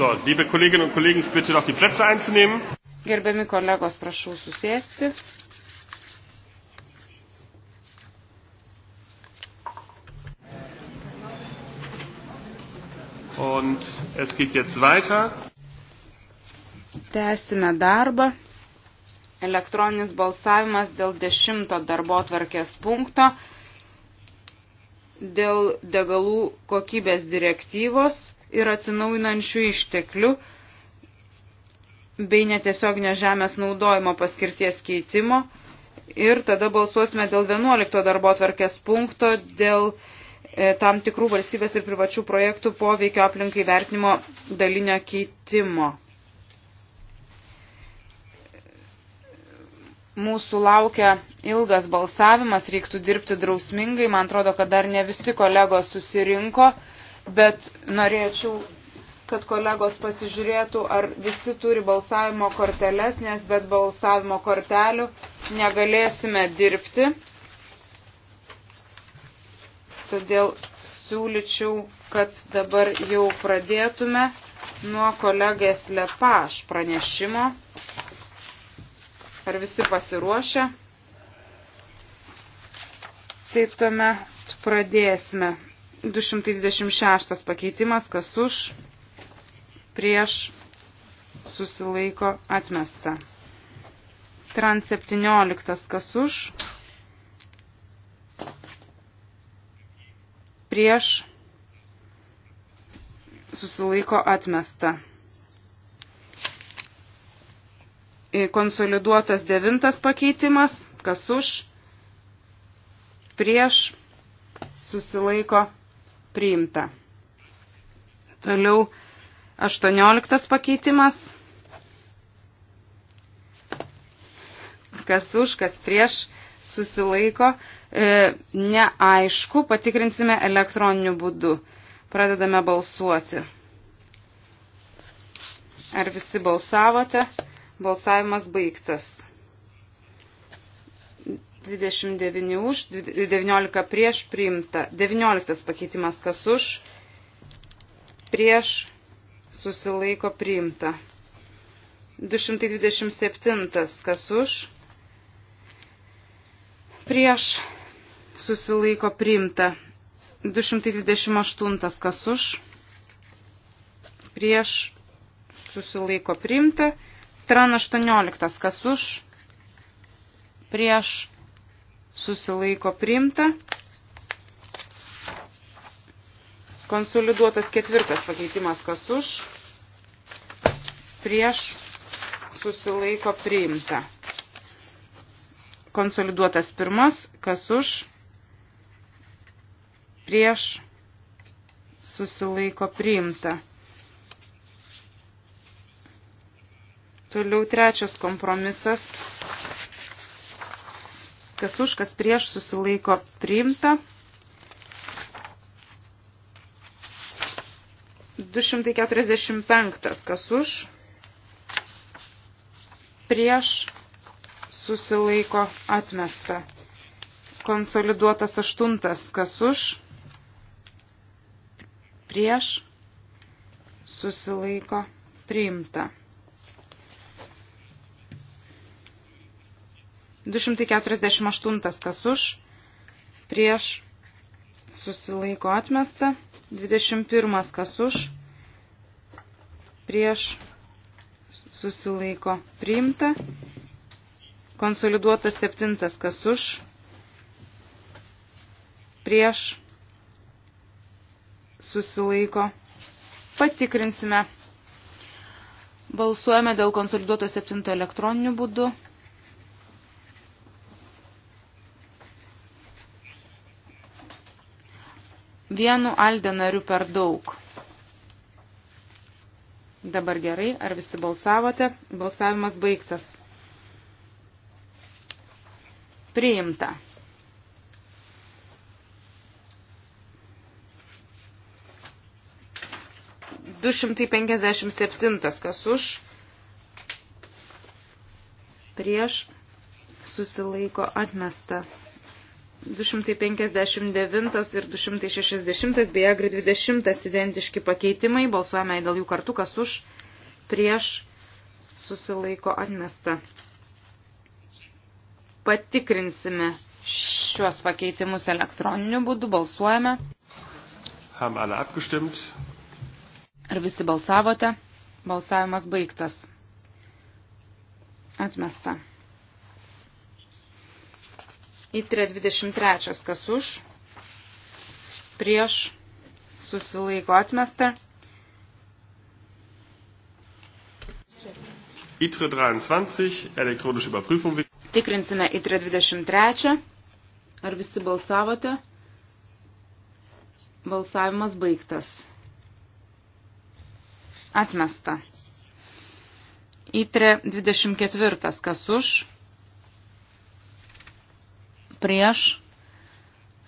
So, liebe Kolleginnen und Kollegen, ich bitte noch die Plätze einzunehmen. Gerbiami kolegos, prašau susėsti. Und es geht jetzt weiter. Tęsime darbą. Elektroninis balsavimas dėl dešimto darbo tvarkės punkto, dėl degalų kokybės direktyvos ir atsinaujinančių išteklių bei netiesioginio žemės naudojimo paskirties keitimo. Ir tada balsuosime dėl 11 darbo tvarkės punkto, dėl e, tam tikrų valstybės ir privačių projektų poveikio aplinkai vertinimo dalinio keitimo. Mūsų laukia ilgas balsavimas, reiktų dirbti drausmingai, man atrodo, kad dar ne visi kolegos susirinko bet norėčiau, kad kolegos pasižiūrėtų, ar visi turi balsavimo korteles, nes bet balsavimo kortelių negalėsime dirbti. Todėl siūlyčiau, kad dabar jau pradėtume nuo kolegės Lepaš pranešimo. Ar visi pasiruošę? Tai tuomet pradėsime. 226 pakeitimas, kas už, prieš, susilaiko, atmesta. Trans 17, kas už, prieš, susilaiko, atmesta. Konsoliduotas devintas pakeitimas, kas už, prieš, susilaiko, atmesta priimta. Toliau 18 pakeitimas. Kas už, kas prieš susilaiko, e, neaišku, patikrinsime elektroniniu būdu. Pradedame balsuoti. Ar visi balsavote? Balsavimas baigtas. 29 už, 19 prieš priimta. 19 pakeitimas kas už, prieš susilaiko priimta. 227 kas už, prieš susilaiko priimta. 228 kas už, prieš susilaiko priimta. Tran 18 kas už, prieš susilaiko priimta. Konsoliduotas ketvirtas pakeitimas kas už, prieš susilaiko priimta. Konsoliduotas pirmas kas už, prieš susilaiko priimta. Toliau trečias kompromisas kas už, kas prieš susilaiko priimta. 245, kas už, prieš susilaiko atmesta. Konsoliduotas aštuntas, kas už, prieš susilaiko priimta. 248 kas už, prieš susilaiko atmesta, 21 kas už, prieš susilaiko priimta, konsoliduotas 7 kas už, prieš susilaiko patikrinsime. Balsuojame dėl konsoliduoto 7 elektroniniu būdu. vienu Alde nariu per daug. Dabar gerai, ar visi balsavote? Balsavimas baigtas. Priimta. Du šimtai penkiasdešimt septintas, kas už, prieš, susilaiko atmesta. 259 ir 260 bei agri 20 identiški pakeitimai. Balsuojame dėl jų kartu, kas už, prieš, susilaiko atmesta. Patikrinsime šiuos pakeitimus elektroniniu būdu, balsuojame. Ar visi balsavote? Balsavimas baigtas. Atmesta. Įtrė 23, kas už, prieš, susilaiko atmesta. ITRE 23, elektronische Überprüfung. Tikrinsime ITRE 23. Ar visi balsavote? Balsavimas baigtas. Atmesta. ITRE 24, kas už? prieš,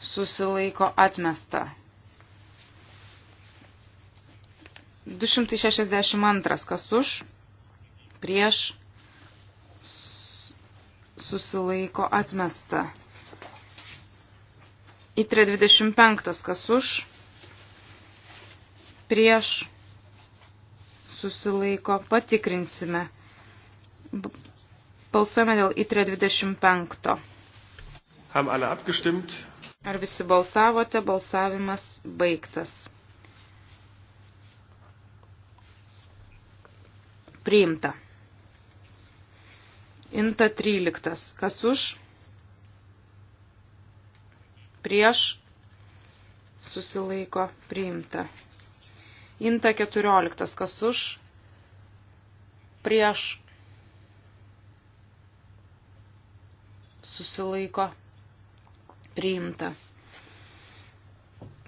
susilaiko atmesta. 262, kas už, prieš, susilaiko atmesta. Įtrė 25, kas už, prieš, susilaiko, patikrinsime. Balsuojame dėl įtrė 25. Haben alle abgestimmt? Ar visi balsavote? Balsavimas baigtas. Priimta. Inta 13. Kas už? Prieš susilaiko priimta. Inta 14. Kas už? Prieš susilaiko priimta priimta.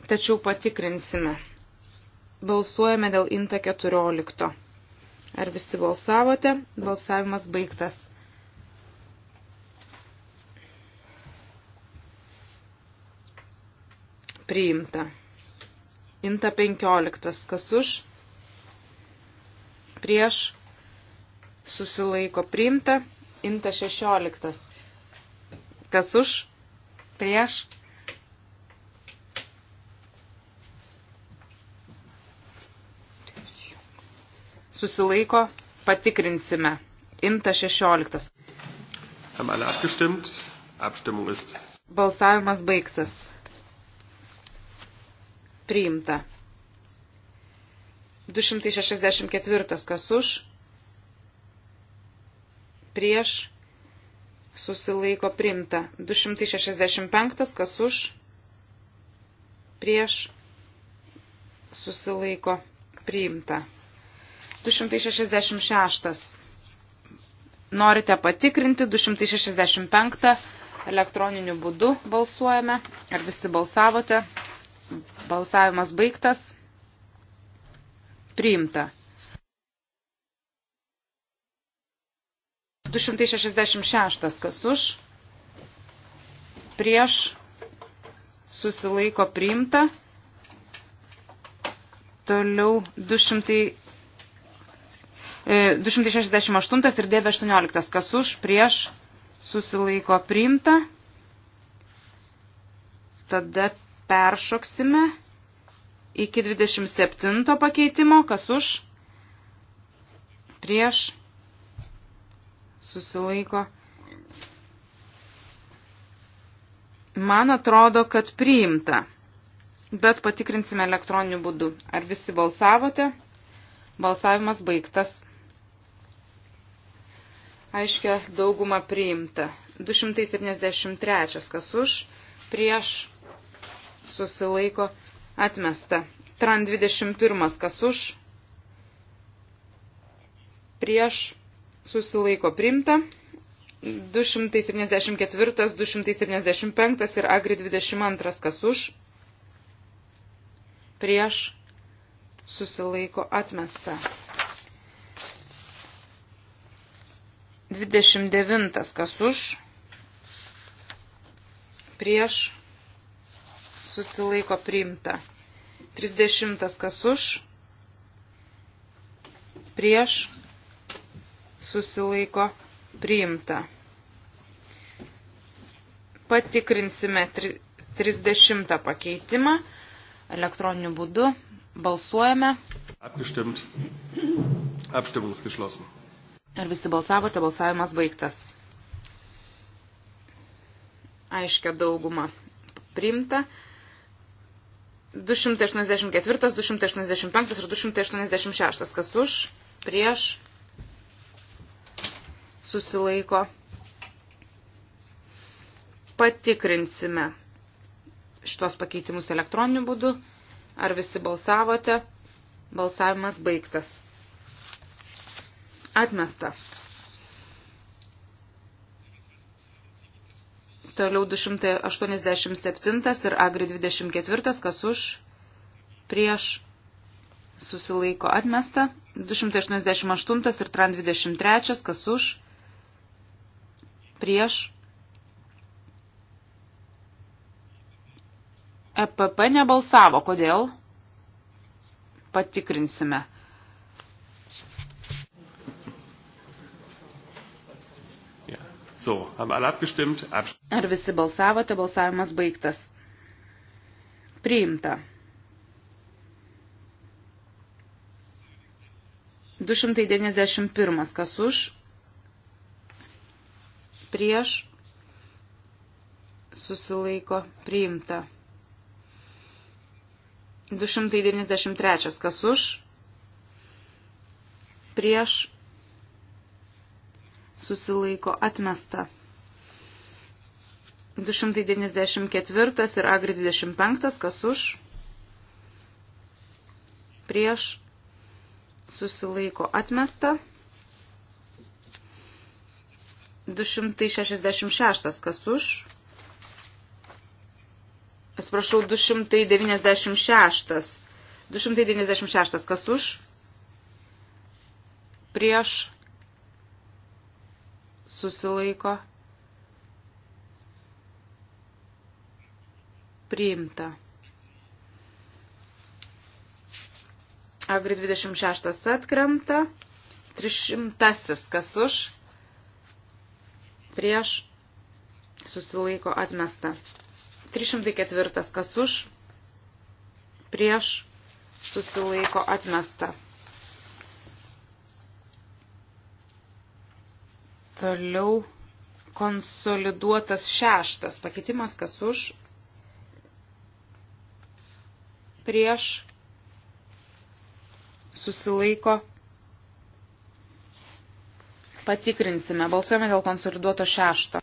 Tačiau patikrinsime. Balsuojame dėl INTA 14. Ar visi balsavote? Balsavimas baigtas. Priimta. Inta 15. Kas už? Prieš. Susilaiko priimta. Inta 16. Kas už? prieš. Susilaiko, patikrinsime. Imta 16. Balsavimas baigtas. Priimta. 264 kas už, prieš susilaiko primta. 265 kas už, prieš susilaiko priimta. 266. Norite patikrinti 265 elektroniniu būdu balsuojame. Ar visi balsavote? Balsavimas baigtas. Priimta. 266 kas už, prieš, susilaiko priimta. Toliau 200, 268 e, ir 918 kas už, prieš, susilaiko priimta. Tada peršoksime iki 27 pakeitimo, kas už, prieš, susilaiko. Man atrodo, kad priimta, bet patikrinsime elektroniniu būdu. Ar visi balsavote? Balsavimas baigtas. Aiškia, dauguma priimta. 273, kas už, prieš, susilaiko, atmesta. Tran 21, kas už, prieš, susilaiko primta. 274, 275 ir Agri 22 kas už, prieš susilaiko atmesta. 29 kas už, prieš susilaiko priimta. 30 kas už, prieš susilaiko priimta. Patikrinsime 30 pakeitimą elektroniniu būdu. Balsuojame. Apgestimt. Apstimmung ist geschlossen. Ar visi balsavote, balsavimas baigtas. Aiškia dauguma priimta. 284, 285 ir 286. Kas už? Prieš? susilaiko. Patikrinsime šitos pakeitimus elektroniniu būdu. Ar visi balsavote? Balsavimas baigtas. Atmesta. Toliau 287 ir Agri 24, kas už, prieš, susilaiko atmesta. 288 ir Tran 23, kas už, prieš. EPP nebalsavo. Kodėl? Patikrinsime. So, haben alle abgestimmt? Ar visi balsavote, balsavimas baigtas. Priimta. 291. Kas už? prieš susilaiko priimta. 293 kas už prieš susilaiko atmesta. 294 ir agri 25 kas už prieš susilaiko atmesta. 266, kas už? Atsiprašau, 296. 296, kas už? Prieš susilaiko. Priimta. Agri 26 atkrenta. 300, kas už? prieš susilaiko atmesta. 304 kas už, prieš susilaiko atmesta. Toliau konsoliduotas šeštas pakeitimas kas už, prieš susilaiko atmesta Patikrinsime. Balsuojame dėl konsoliduoto šešto.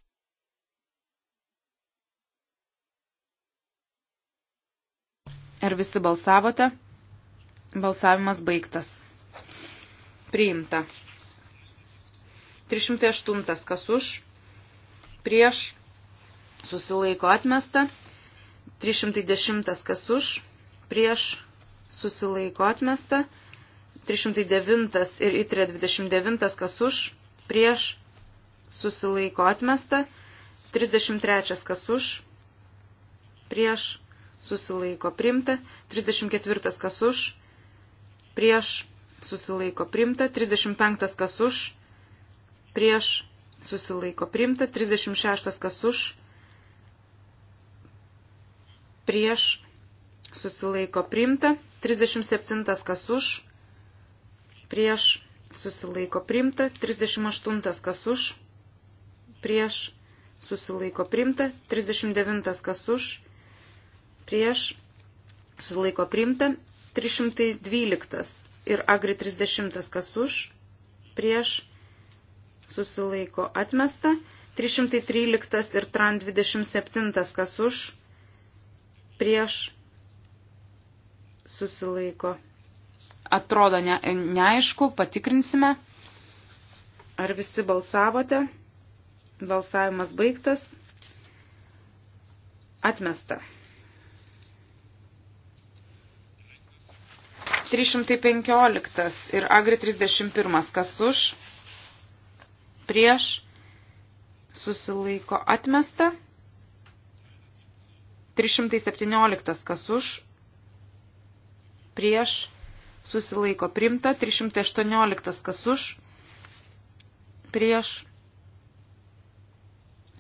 Ar visi balsavote? Balsavimas baigtas. Priimta. 308. Kas už? Prieš. Susilaiko atmesta. 310. Kas už? Prieš. Susilaiko atmesta. 309 ir itrė 29. Kas už? prieš, susilaiko atmesta, 33 kas už, prieš, susilaiko primta, 34 kas už, prieš, susilaiko primta, 35 kas už, prieš, susilaiko primta, 36 kas už, prieš, susilaiko primta, 37 kas už, prieš, susilaiko primta, 38 kas už, prieš susilaiko primta, 39 kas už, prieš susilaiko primta, 312 ir agri 30 kas už, prieš susilaiko atmesta, 313 ir tran 27 kas už, prieš susilaiko atmesta atrodo ne, neaišku, patikrinsime. Ar visi balsavote? Balsavimas baigtas. Atmesta. 315 ir Agri 31. Kas už? Prieš susilaiko atmesta. 317. Kas už? Prieš susilaiko primta, 318 kas už, prieš,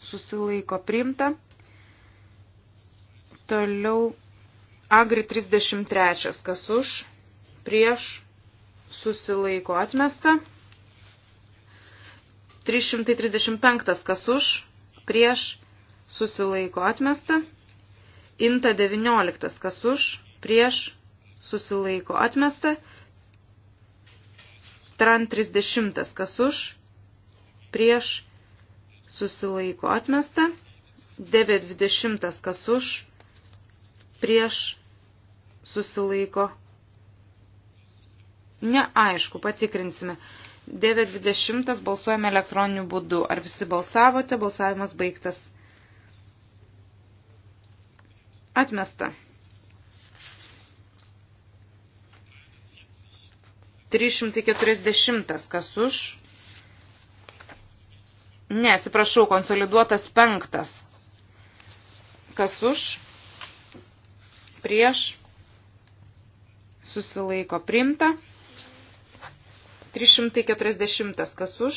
susilaiko primta, toliau agri 33 kas už, prieš, susilaiko atmesta, 335 kas už, prieš, susilaiko atmesta, inta 19 kas už, prieš, susilaiko atmesta. Tran 30, kas už, prieš, susilaiko atmesta. 920, kas už, prieš, susilaiko. Neaišku, patikrinsime. 9.20 balsuojame elektroniniu būdu. Ar visi balsavote? Balsavimas baigtas. Atmesta. 340 kas už. Ne, atsiprašau, konsoliduotas penktas. Kas už? Prieš. Susilaiko primta. 340 kas už.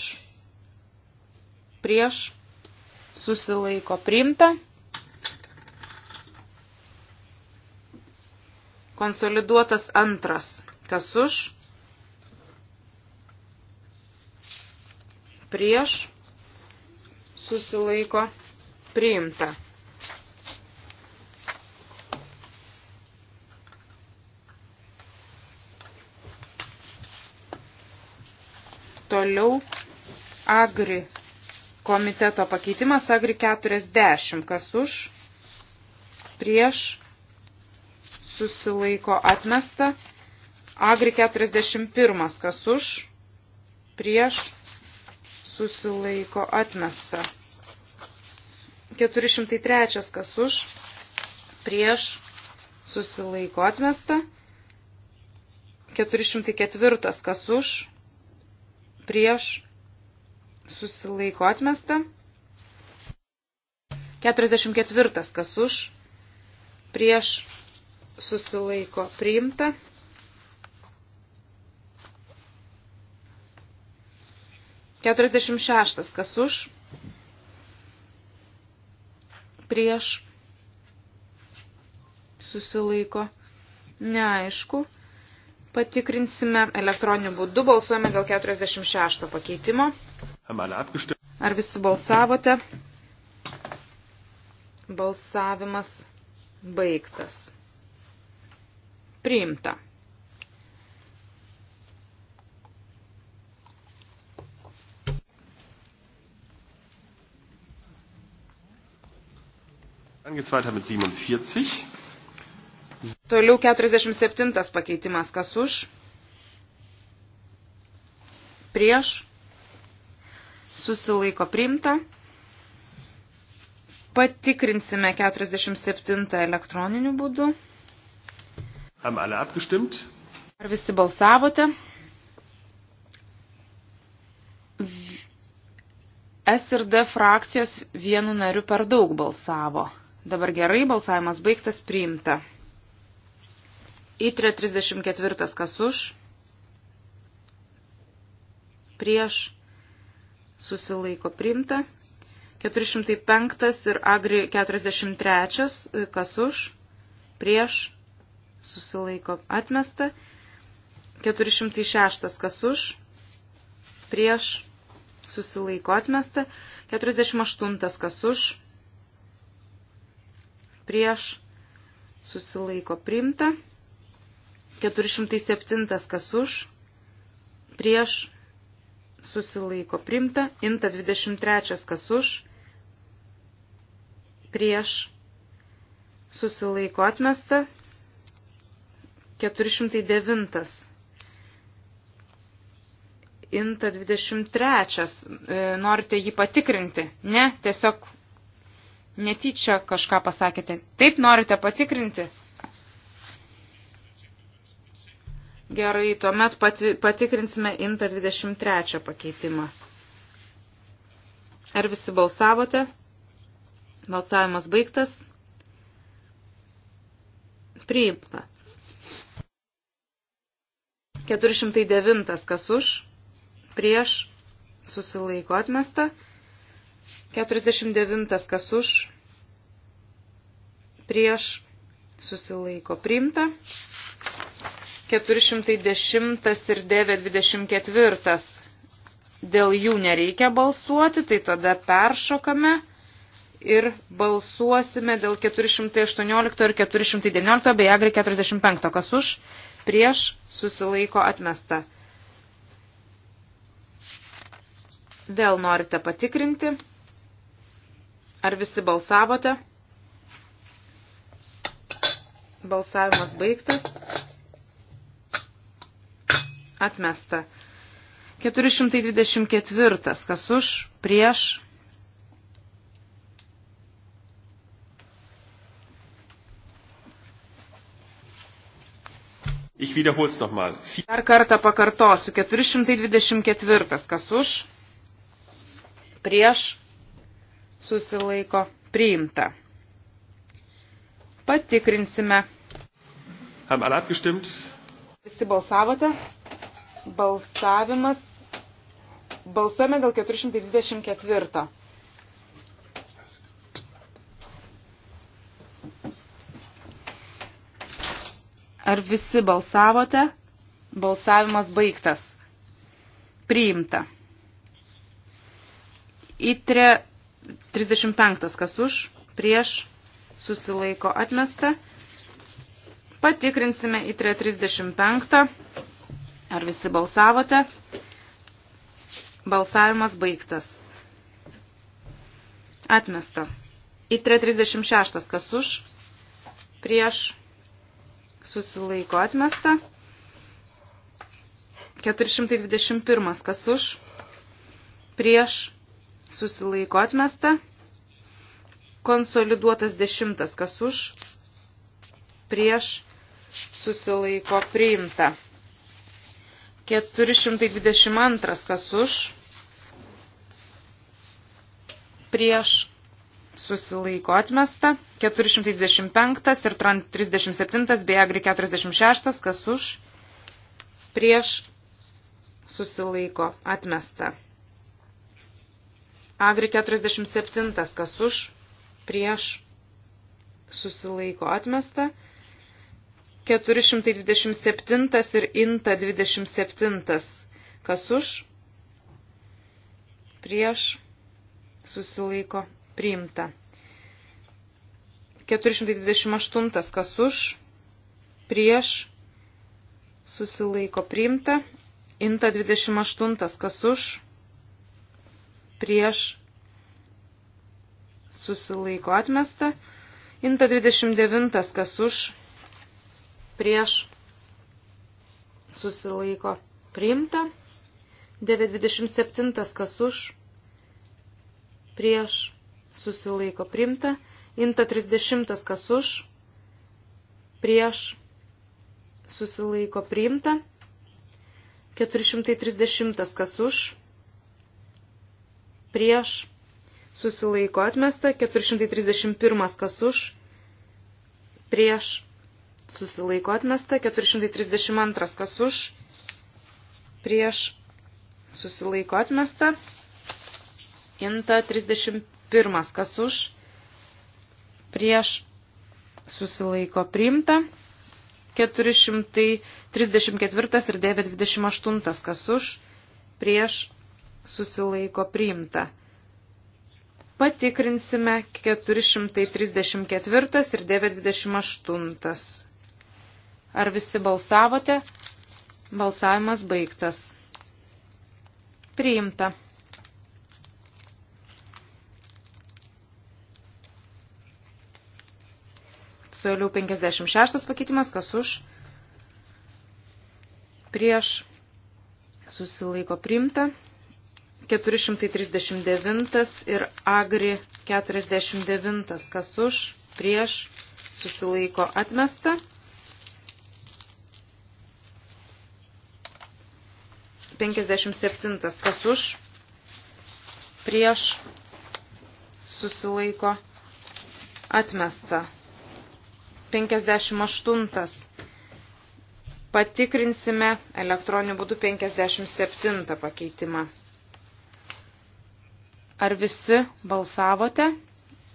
Prieš. Susilaiko primta. Konsoliduotas antras. Kas už? prieš, susilaiko, priimta. Toliau agri komiteto pakeitimas agri 40, kas už, prieš, susilaiko atmesta, agri 41, kas už, prieš, susilaiko atmesta. 403 kas už, prieš susilaiko atmesta. 404 kas už, prieš susilaiko atmesta. 44 kas už, prieš susilaiko priimta. 46. Kas už? Prieš. Susilaiko. Neaišku. Patikrinsime elektroniniu būdu. Balsuojame dėl 46 pakeitimo. Ar visi balsavote? Balsavimas baigtas. Priimta. Toliau 47 pakeitimas, kas už, prieš, susilaiko priimta. Patikrinsime 47 elektroniniu būdu. Ar visi balsavote? S ir D frakcijos vienu nariu per daug balsavo. Dabar gerai, balsavimas baigtas, priimta. Įtrė 34 kas už, prieš susilaiko priimta, 405 ir agri 43 kas už, prieš susilaiko atmesta, 406 kas už, prieš susilaiko atmesta, 48 kas už, prieš susilaiko priimta. 407 kas už prieš susilaiko priimta. Inta 23 kas už prieš susilaiko atmesta. 409 Inta 23. E, norite jį patikrinti? Ne, tiesiog netyčia kažką pasakėte. Taip norite patikrinti? Gerai, tuomet pati, patikrinsime imtą 23 pakeitimą. Ar visi balsavote? Balsavimas baigtas. Priimta. 409 kas už, prieš, susilaiko atmesta. 49 kas už, prieš susilaiko priimta. 410 ir 924 dėl jų nereikia balsuoti, tai tada peršokame ir balsuosime dėl 418 ir 419 bei agri 45, kas už, prieš susilaiko atmesta. Vėl norite patikrinti. Ar visi balsavote? Balsavimas baigtas. Atmesta. 424. Kas už? Prieš? Ich wiederhol's nochmal. Dar kartą pakartosiu. 424. Kas už? Prieš? susilaiko priimta. Patikrinsime. Visi balsavote. Balsavimas. Balsuojame dėl 424. Ar visi balsavote? Balsavimas baigtas. Priimta. Itre 35. Kas už, prieš, susilaiko atmesta. Patikrinsime į 335. Ar visi balsavote? Balsavimas baigtas. Atmesta. Į 336. Kas už, prieš, susilaiko atmesta. 421. Kas už, prieš, susilaiko atmesta. Konsoliduotas dešimtas, kas už, prieš, susilaiko priimta. 422, kas už, prieš, susilaiko atmesta. 425 ir 37 bei agri 46, kas už, prieš, susilaiko atmesta. Agri 47, kas už, prieš, susilaiko atmesta. 427 ir inta 27, kas už, prieš, susilaiko priimta. 428, kas už, prieš, susilaiko priimta. Inta 28, kas už, prieš susilaiko atmesta. Inta 29, kas už, prieš susilaiko priimta. 927, kas už, prieš susilaiko priimta. Inta 30, kas už, prieš susilaiko priimta. 430, kas už, prieš, susilaiko atmesta, 431 kas už, prieš, susilaiko atmesta, 432 kas už, prieš, susilaiko atmesta, inta 31 kas už, prieš, susilaiko priimta, 434 ir 928 kas už, prieš susilaiko priimta. Patikrinsime 434 ir 928. Ar visi balsavote? Balsavimas baigtas. Priimta. Toliau 56 pakeitimas, kas už, prieš, susilaiko primta. 439 ir Agri 49, kas už, prieš, susilaiko atmesta. 57, kas už, prieš, susilaiko atmesta. 58 patikrinsime elektroniniu būdu 57 pakeitimą. Ar visi balsavote?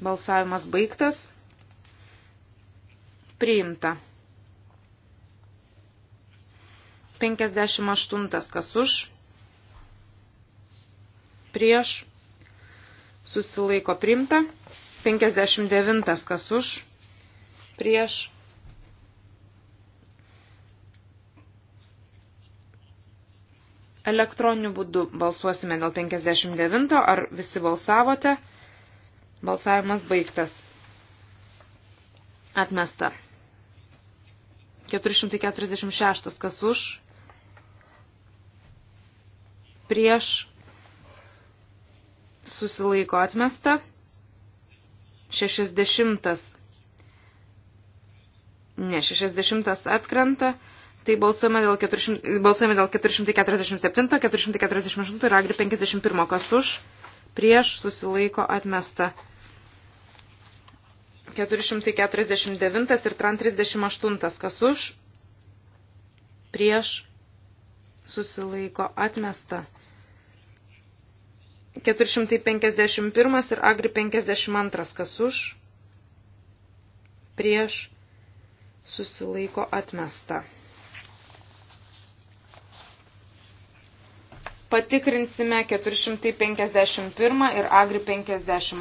Balsavimas baigtas. Priimta. 58 kas už. Prieš. Susilaiko priimta. 59 kas už. Prieš Elektroniniu būdu balsuosime dėl 59. Ar visi balsavote? Balsavimas baigtas. Atmesta. 446. Kas už? Prieš. Susilaiko atmesta. 60. Ne, 60 atkrenta. Tai balsuojame dėl, 400, balsuojame dėl 447, 448 ir agri 51. Kas už? Prieš susilaiko atmesta. 449 ir tran 38. Kas už? Prieš susilaiko atmesta. 451 ir agri 52. Kas už? Prieš susilaiko atmesta. Patikrinsime 451 ir Agri 52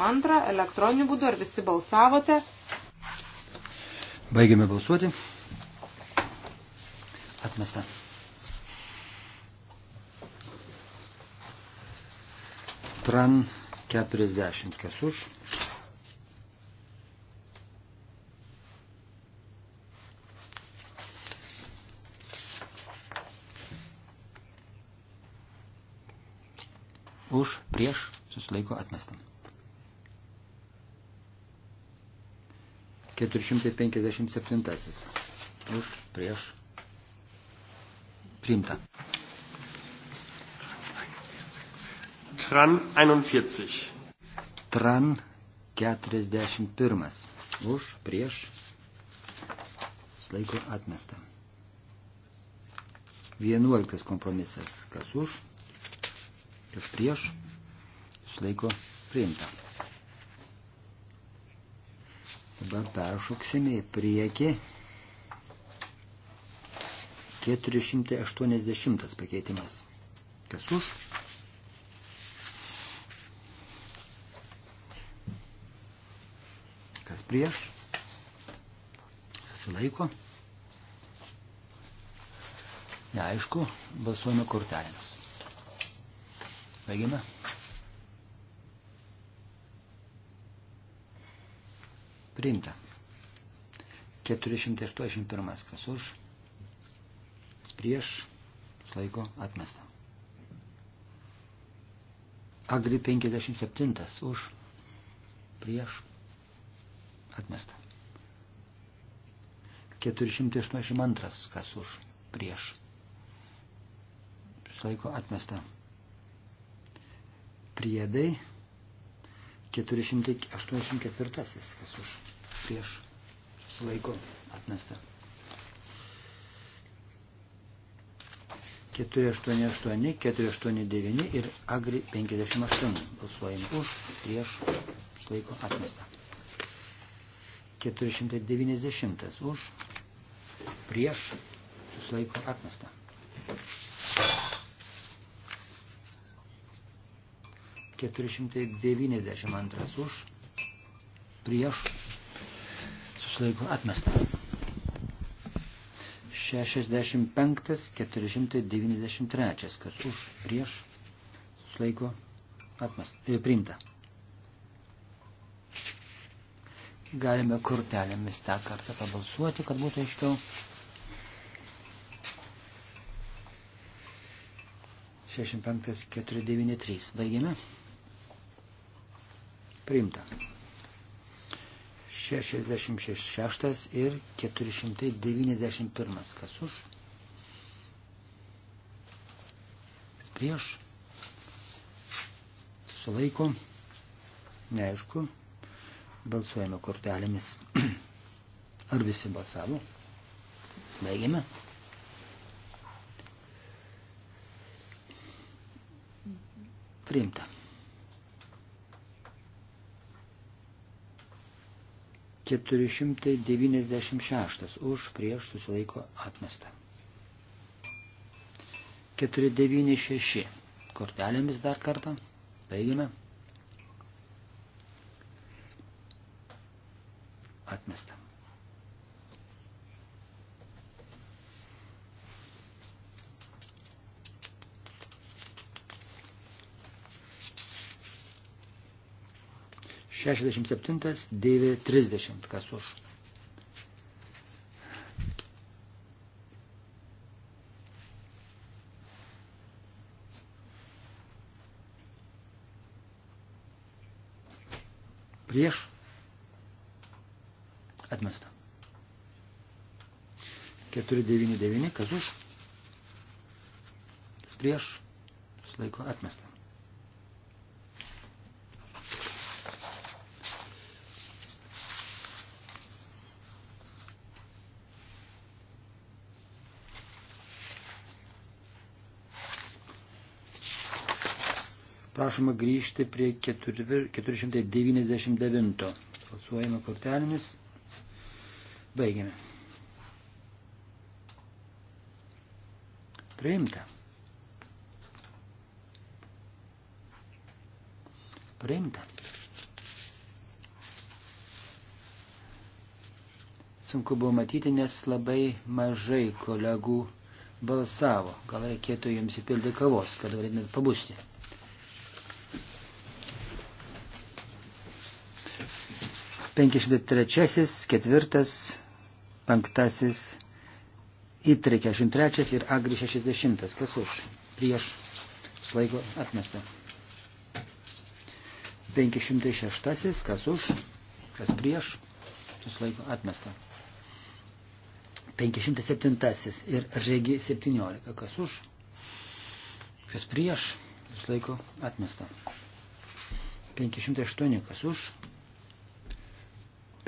elektroniniu būdu. Ar visi balsavote? Baigiame balsuoti. Atmesta. Tran 40 kas už. prieš susilaiko atmesta. 457. Už prieš priimta. Tran 41. Tran 41. Už prieš laiko atmesta. 11 kompromisas. Kas už, kas prieš susilaiko priimta. Dabar peršoksime į priekį. 480 pakeitimas. Kas už? Kas prieš? Susilaiko. Neaišku, balsuojame kortelėmis. Baigime. Priimta. 481. Kas už? Prieš. Laiko atmesta. Agri 57. Už. Prieš. Atmesta. 482. Kas už? Prieš. Laiko atmesta. Priedai 484. Kas už? prieš laiko atmesta. 488, 489 ir Agri 58. Balsuojame už, prieš laiko atmesta. 490 už, prieš laiko atmesta. Keturi šimtai devyniasdešimt antras už, prieš susilaiko atmesta. 65, 493, kas už, prieš, susilaiko atmesta, e, priimta. Galime kortelėmis tą kartą pabalsuoti, kad būtų aiškiau. Šešim penktas keturi devyni trys. Baigėme. Priimta. 66 ir 491. Kas už? Prieš. Sulaiko. Neaišku. Balsuojame kortelėmis. Ar visi balsavo? Baigiame. Priimta. 496 už prieš susilaiko atmesta. 496 kortelėmis dar kartą. Baigiame. Atmesta. 67, 930, kas už. Prieš atmesta. 499, kas už. Kas prieš, laiko atmesta. prašoma grįžti prie 499. Balsuojame kortelėmis. Baigiame. Priimta. Priimta. Sunku buvo matyti, nes labai mažai kolegų balsavo. Gal reikėtų jiems įpilti kavos, kad galėtumėt pabusti. 53, 4, 5, įtri 43 ir agri 60. Kas už? Prieš laiko atmesta. 506, kas už, kas prieš, susilaiko atmesta. 507 ir regi 17, kas už, kas prieš, susilaiko atmesta. 508, kas už,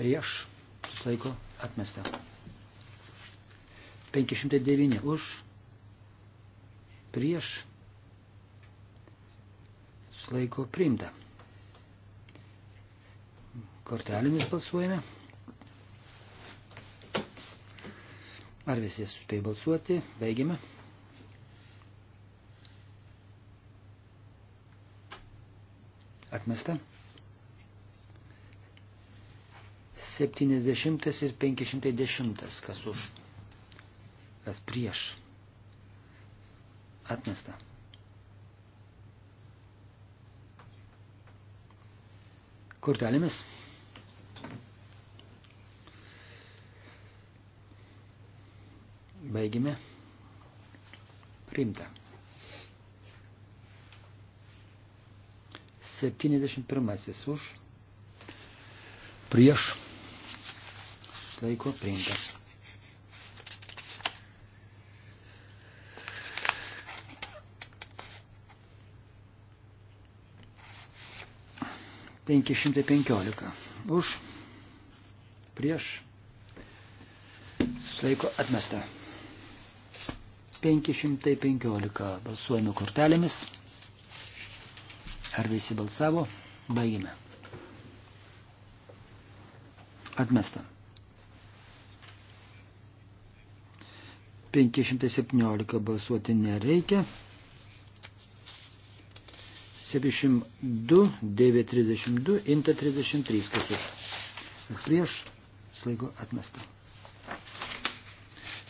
prieš, susilaiko atmesta. 509 už, prieš, susilaiko priimta. Kortelėmis balsuojame. Ar visi spėjo balsuoti? Baigiame. Atmesta. 70 ir 510, kas už, kas prieš. Atmesta. Kortelėmis. Baigime. Priimta. 71 už prieš susilaiko priimta. Penki šimtai penkiolika. Už, prieš, susilaiko atmesta. 515 balsuojame kortelėmis. Ar visi balsavo? Baigime. Atmestam. 517 balsuoti nereikia. 72, 932, inta 33, kas už. Prieš slaigo atmesta.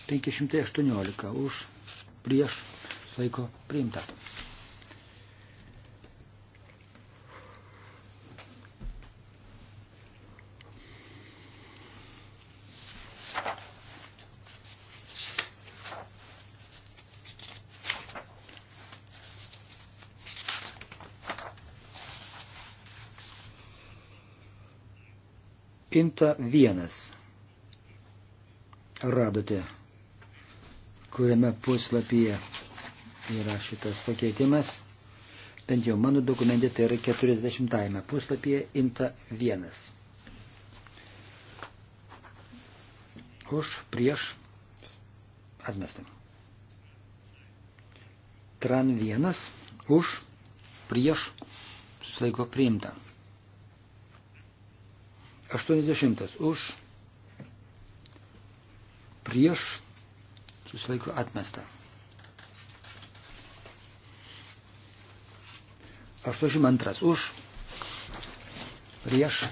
518 už, prieš slaiko priimta. Inta vienas. Radote, kuriame puslapyje yra šitas pakeitimas. Bent jau mano dokumente tai yra 40 puslapyje Inta vienas. Už prieš atmestam. Tran vienas už prieš susilaiko priimtam. 80 už, prieš, susilaiko atmesta. 82 už, prieš,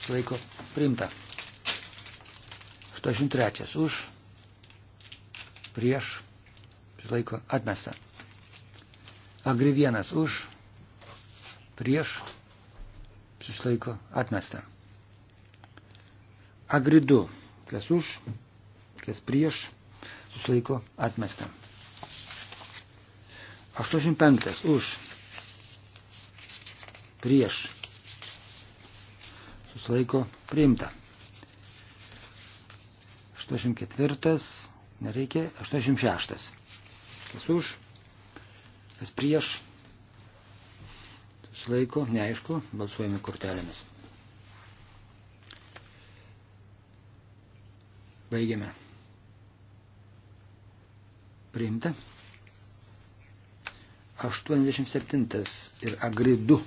susilaiko priimta. 83 už, prieš, susilaiko atmesta. Agri vienas už, prieš, susilaiko atmesta. Agridu. Kas už, kas prieš, susilaiko atmesta. 85 už, prieš, susilaiko priimta. 84, nereikia, 86. Kas už, kas prieš, susilaiko, neaišku, balsuojame kortelėmis. Baigiame. Priimta. 87 ir agridu.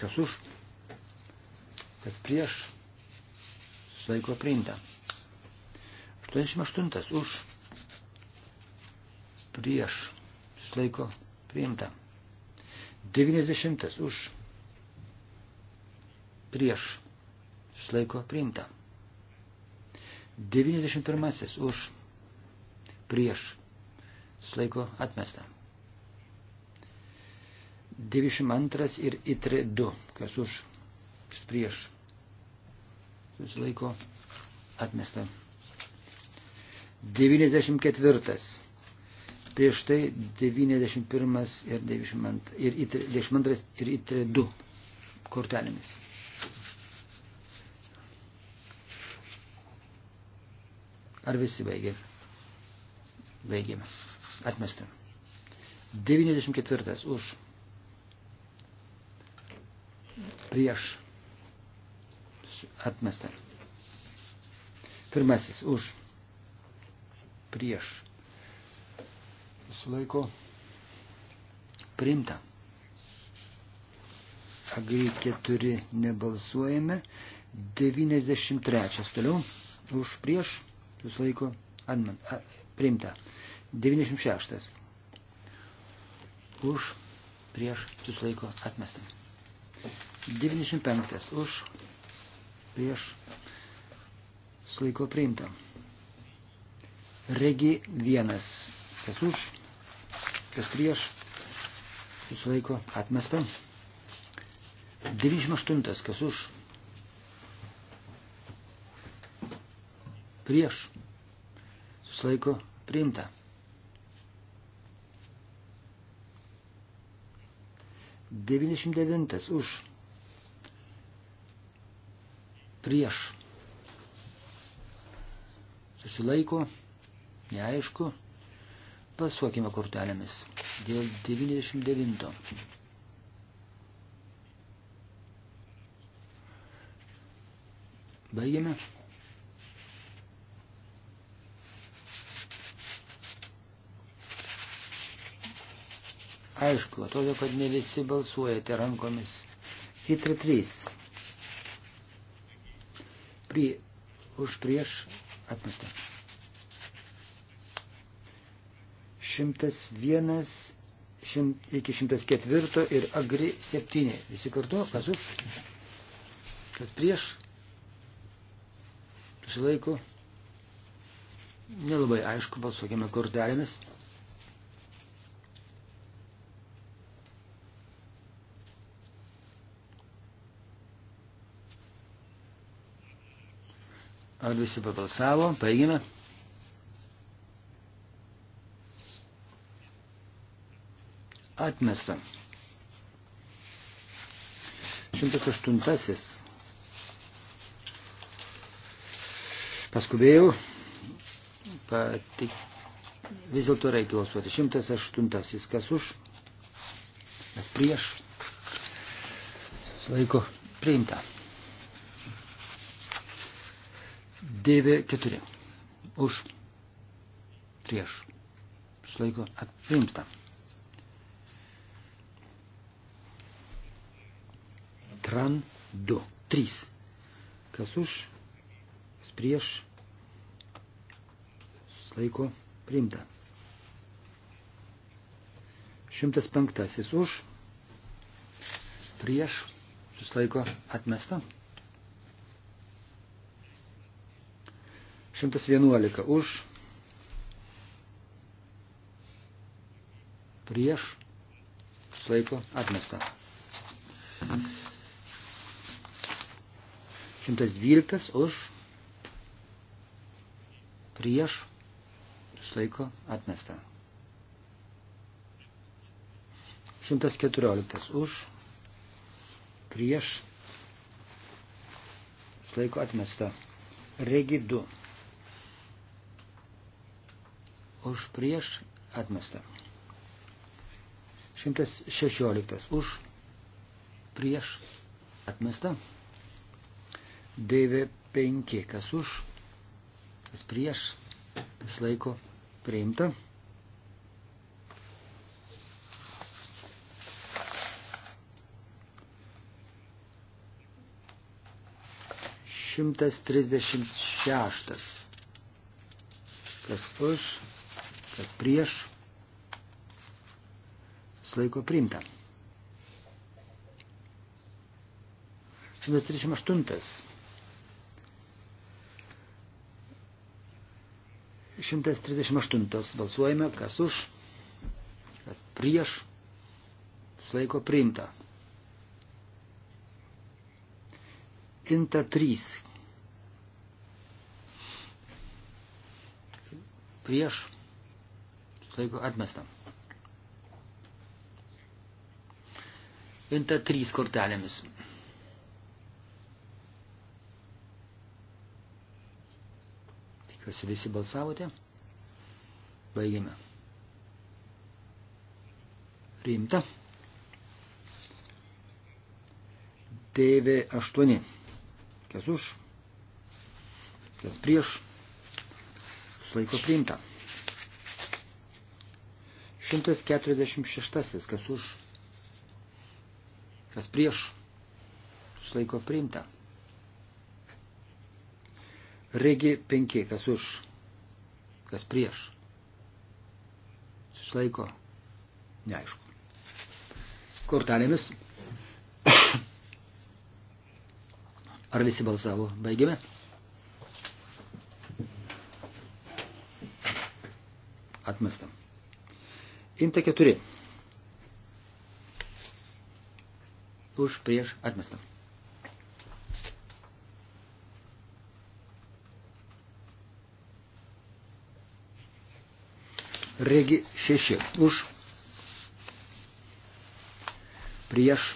Kas už? Kas prieš? Sveiko priimta. 88 už. Prieš. Sveiko priimta. 90 už. Prieš. Sveiko priimta. 91 už prieš laiko atmesta. 92 ir itri 2, kas už prieš laiko atmesta. 94. Prieš tai 91 ir 92 ir itri 2 kortelėmis. Ar visi baigė? Baigėme. Atmestam. 94 už. Prieš. Atmestam. Pirmasis už. Prieš. Sulaiko. Primta. Agri 4 nebalsuojame. 93 toliau. Už prieš susilaiko atman, a, priimta. 96. Už prieš susilaiko atmestą. 95. Už prieš susilaiko priimta. Regi vienas. Kas už, kas prieš susilaiko atmestą. 98. Kas už, prieš, susilaiko priimta. Devinešimt devintas už, prieš, susilaiko, neaišku, pasuokime kortelėmis dėl 99. Baigiame. Aišku, atrodo, kad ne visi balsuojate rankomis. Hitri 3. Pri, už prieš atmestą. 101 šimt, iki 104 ir agri 7. Visi kartu, kas už, kas prieš, susilaiko. Nelabai aišku, balsuokime kortelėmis. Ar visi pabalsavo? Baigime. Atmesta. 108. Paskubėjau. Patik... Vis dėlto reikia balsuoti. 108. Kas už? Kas prieš? Laiko priimta. DV4. Už. Prieš. Slaiko atprimta. Tran 2. 3. Kas už? Kas prieš? Slaiko priimta. 105. Už. Prieš. Suslaiko atmesta. 111 už, prieš, laiko atmesta. 112 už, prieš, laiko atmesta. 114 už, prieš, laiko atmesta. Regi 2 už prieš atmestą. 116 už prieš atmestą. DV5 kas už, kas prieš, kas laiko priimta. Šimtas trisdešimt šeštas. Kas už? kas prieš, susilaiko priimta. 138. 138 balsuojame, kas už, kas prieš, susilaiko priimta. Inta 3. Prieš Laiko atmesta. Inta 3 kortelėmis. Tikiuosi visi balsavote. Baigėme. Priimta. TV8. Kas už? Kas prieš? Laiko priimta. 146. Kas už? Kas prieš? Susilaiko priimta. Regi 5. Kas už? Kas prieš? Susilaiko. Neaišku. Kortelėmis. Ar visi balsavo? Baigėme. Atmestam. Inta 4. Už prieš atmestą. Regi 6. Už prieš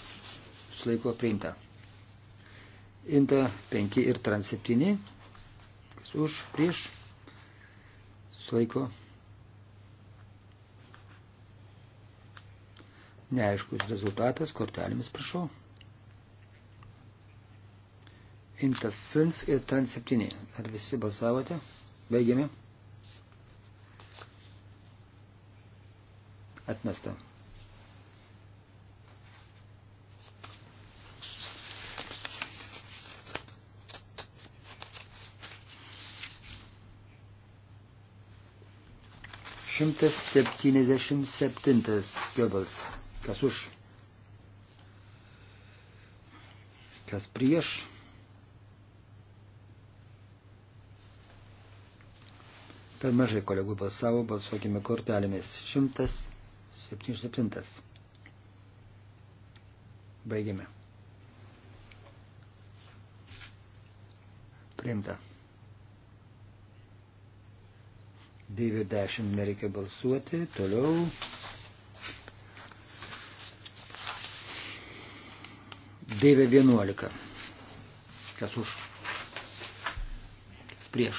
laiko priimta. Inta 5 ir trans 7. Už prieš laiko priimta Neaiškus rezultatas, kortelėmis prašau. Inta 5 ir ten 7. Ar visi balsavote? Baigiame. Atmesta. Šimtas septyniasdešimt septintas kebals. Kas už? Kas prieš? Per mažai kolegų balsavo, balsuokime kortelėmis. 177. Baigėme. Priimta. 90 nereikia balsuoti. Toliau. Dėvė 11. Kas už? Kas prieš?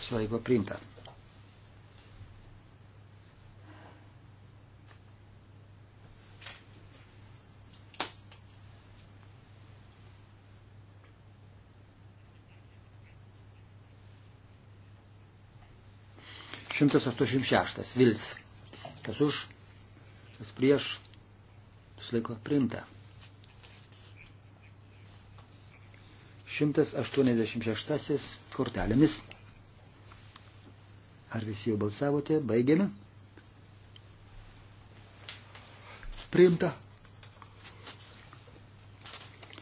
Sulaiko priimta. Šimtas aštuošim šeštas. Vils. Kas už? Kas prieš? Sulaiko priimta. 186 kortelėmis. Ar visi jau balsavote? Baigiame. Priimta.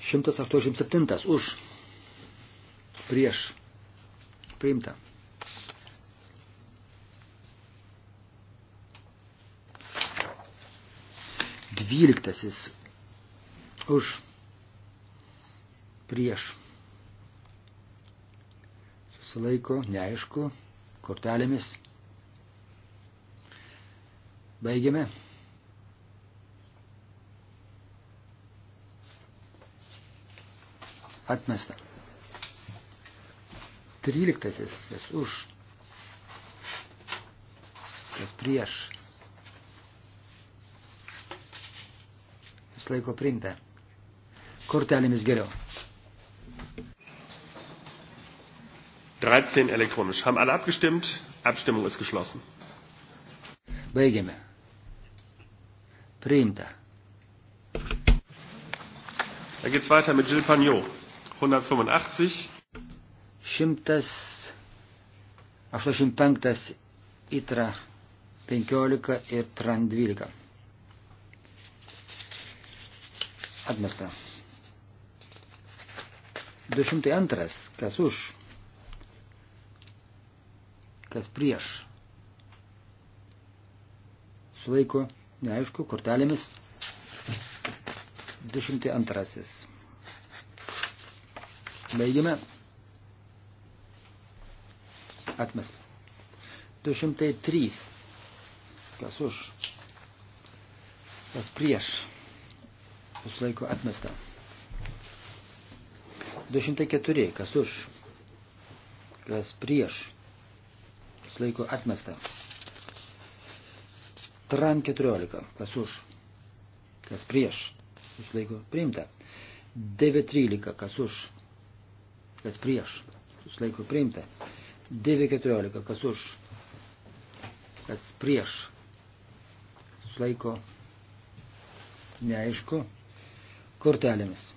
187 už. Prieš. Priimta. Dvyliktasis už prieš susilaiko, neaišku, kortelėmis. Baigiame. Atmesta. Tryliktasis, kas už, kas prieš. Vis laiko priimta. Kortelėmis geriau. 13 elektronisch. Haben alle abgestimmt? Abstimmung ist geschlossen. Baigiame. Priimta. Dann geht's weiter mit Gilles Pagnot. 185. 185 itra 15 ir tran 12. Atmesta. 202. Kas už? kas prieš. Sulaiko, neaišku, kortelėmis. 202. Baigiame. Atmest. 203. Kas už? Kas prieš? Sulaiko atmesta. 204. Kas už? Kas prieš? susilaiko atmesta. Tran 14, kas už, kas prieš, susilaiko priimta. 9.13, kas už, kas prieš, susilaiko priimta. 9.14, kas už, kas prieš, susilaiko neaišku, kortelėmis.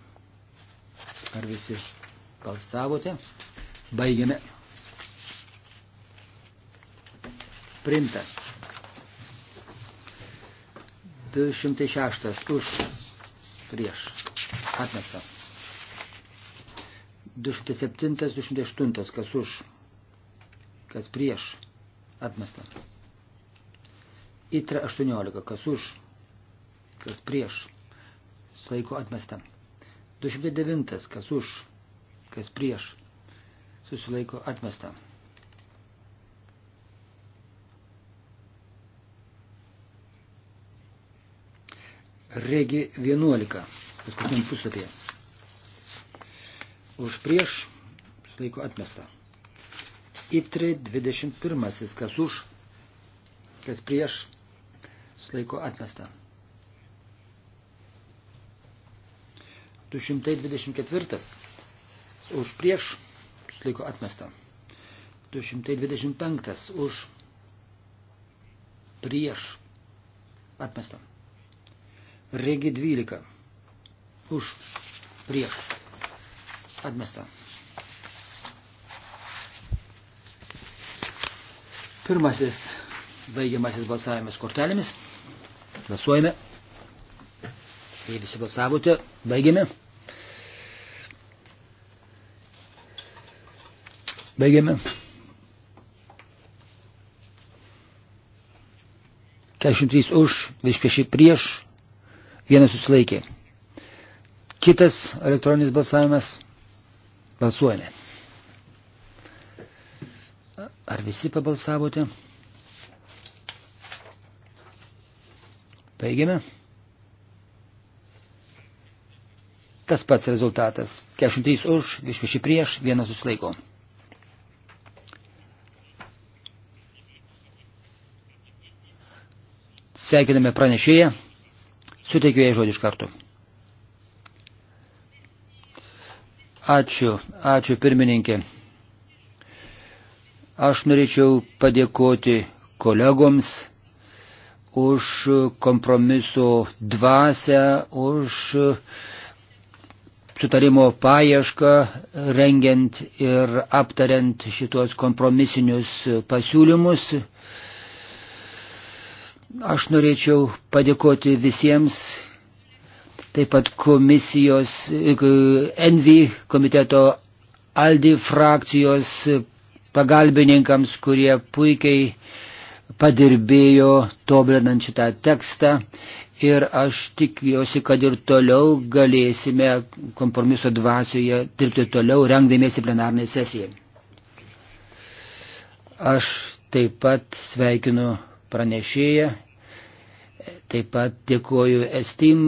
Ar visi balsavote? Baigiame. Printa. 206 už prieš atmesta. 207, 208 kas už, kas prieš atmesta. Itra 18 kas už, kas prieš laiko atmesta. 209 kas už, kas prieš susilaiko atmesta. Regi 11, paskutiniam puslapyje. Už prieš laiko atmesta. Itri 21, kas už, kas prieš laiko atmesta. 224, už prieš laiko atmesta. 225, už prieš atmesta. Regi 12. Už. Prieš. Atmesta. Pirmasis baigiamasis balsavimas kortelėmis. Balsuojame. Jei visi balsavote, baigiame. Baigiame. 43 už, 25 prieš, vienas susilaikė. Kitas elektroninis balsavimas. Balsuojame. Ar visi pabalsavote? Baigiame. Tas pats rezultatas. 43 už, 26 prieš, vienas susilaiko. Sveikiname pranešėją. Suteikiu jai žodį iš karto. Ačiū, ačiū pirmininkė. Aš norėčiau padėkoti kolegoms už kompromiso dvasę, už sutarimo paiešką, rengiant ir aptariant šitos kompromisinius pasiūlymus. Aš norėčiau padėkoti visiems, taip pat komisijos, Envy komiteto Aldi frakcijos pagalbininkams, kurie puikiai padirbėjo tobulinant šitą tekstą. Ir aš tikiuosi, kad ir toliau galėsime kompromiso dvasioje dirbti toliau, rengdamiesi plenarnai sesijai. Aš taip pat sveikinu pranešėją. Taip pat dėkoju Estim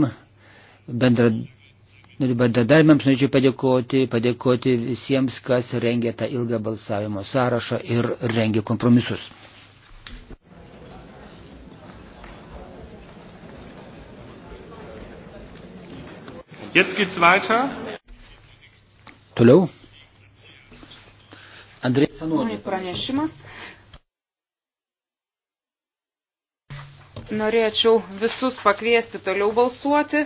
bendradarbiams, norėčiau padėkoti, padėkoti visiems, kas rengė tą ilgą balsavimo sąrašą ir rengė kompromisus. Jetzt geht's weiter. Toliau. Andrei Sanonė pranešimas. Norėčiau visus pakviesti toliau balsuoti,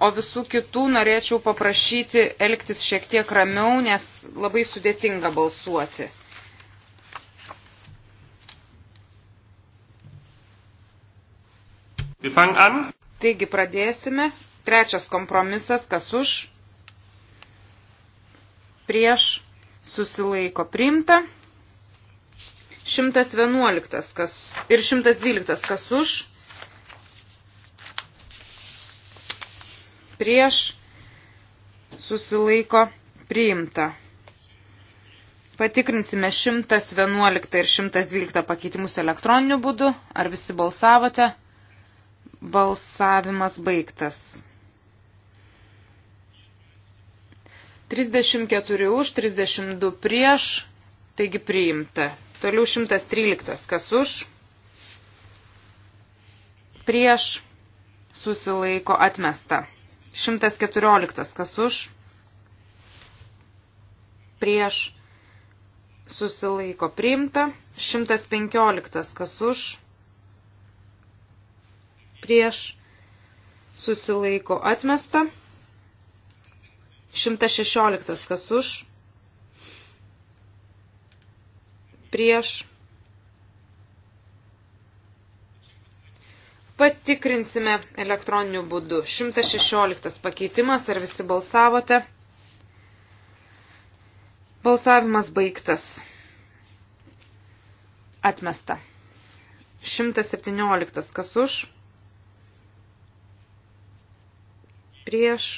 o visų kitų norėčiau paprašyti elgtis šiek tiek ramiau, nes labai sudėtinga balsuoti. Taigi pradėsime. Trečias kompromisas, kas už, prieš, susilaiko primta. 111 kas, ir 112 kas už, prieš, susilaiko priimta. Patikrinsime 111 ir 112 pakeitimus elektroniniu būdu. Ar visi balsavote? Balsavimas baigtas. 34 už, 32 prieš, taigi priimta. Toliau 113. Kas už? Prieš susilaiko atmesta. 114. Kas už? Prieš susilaiko priimta. 115. Kas už? Prieš susilaiko atmesta. 116. Kas už? prieš. Patikrinsime elektroniniu būdu. 116 pakeitimas, ar visi balsavote? Balsavimas baigtas. Atmesta. 117 kas už? Prieš.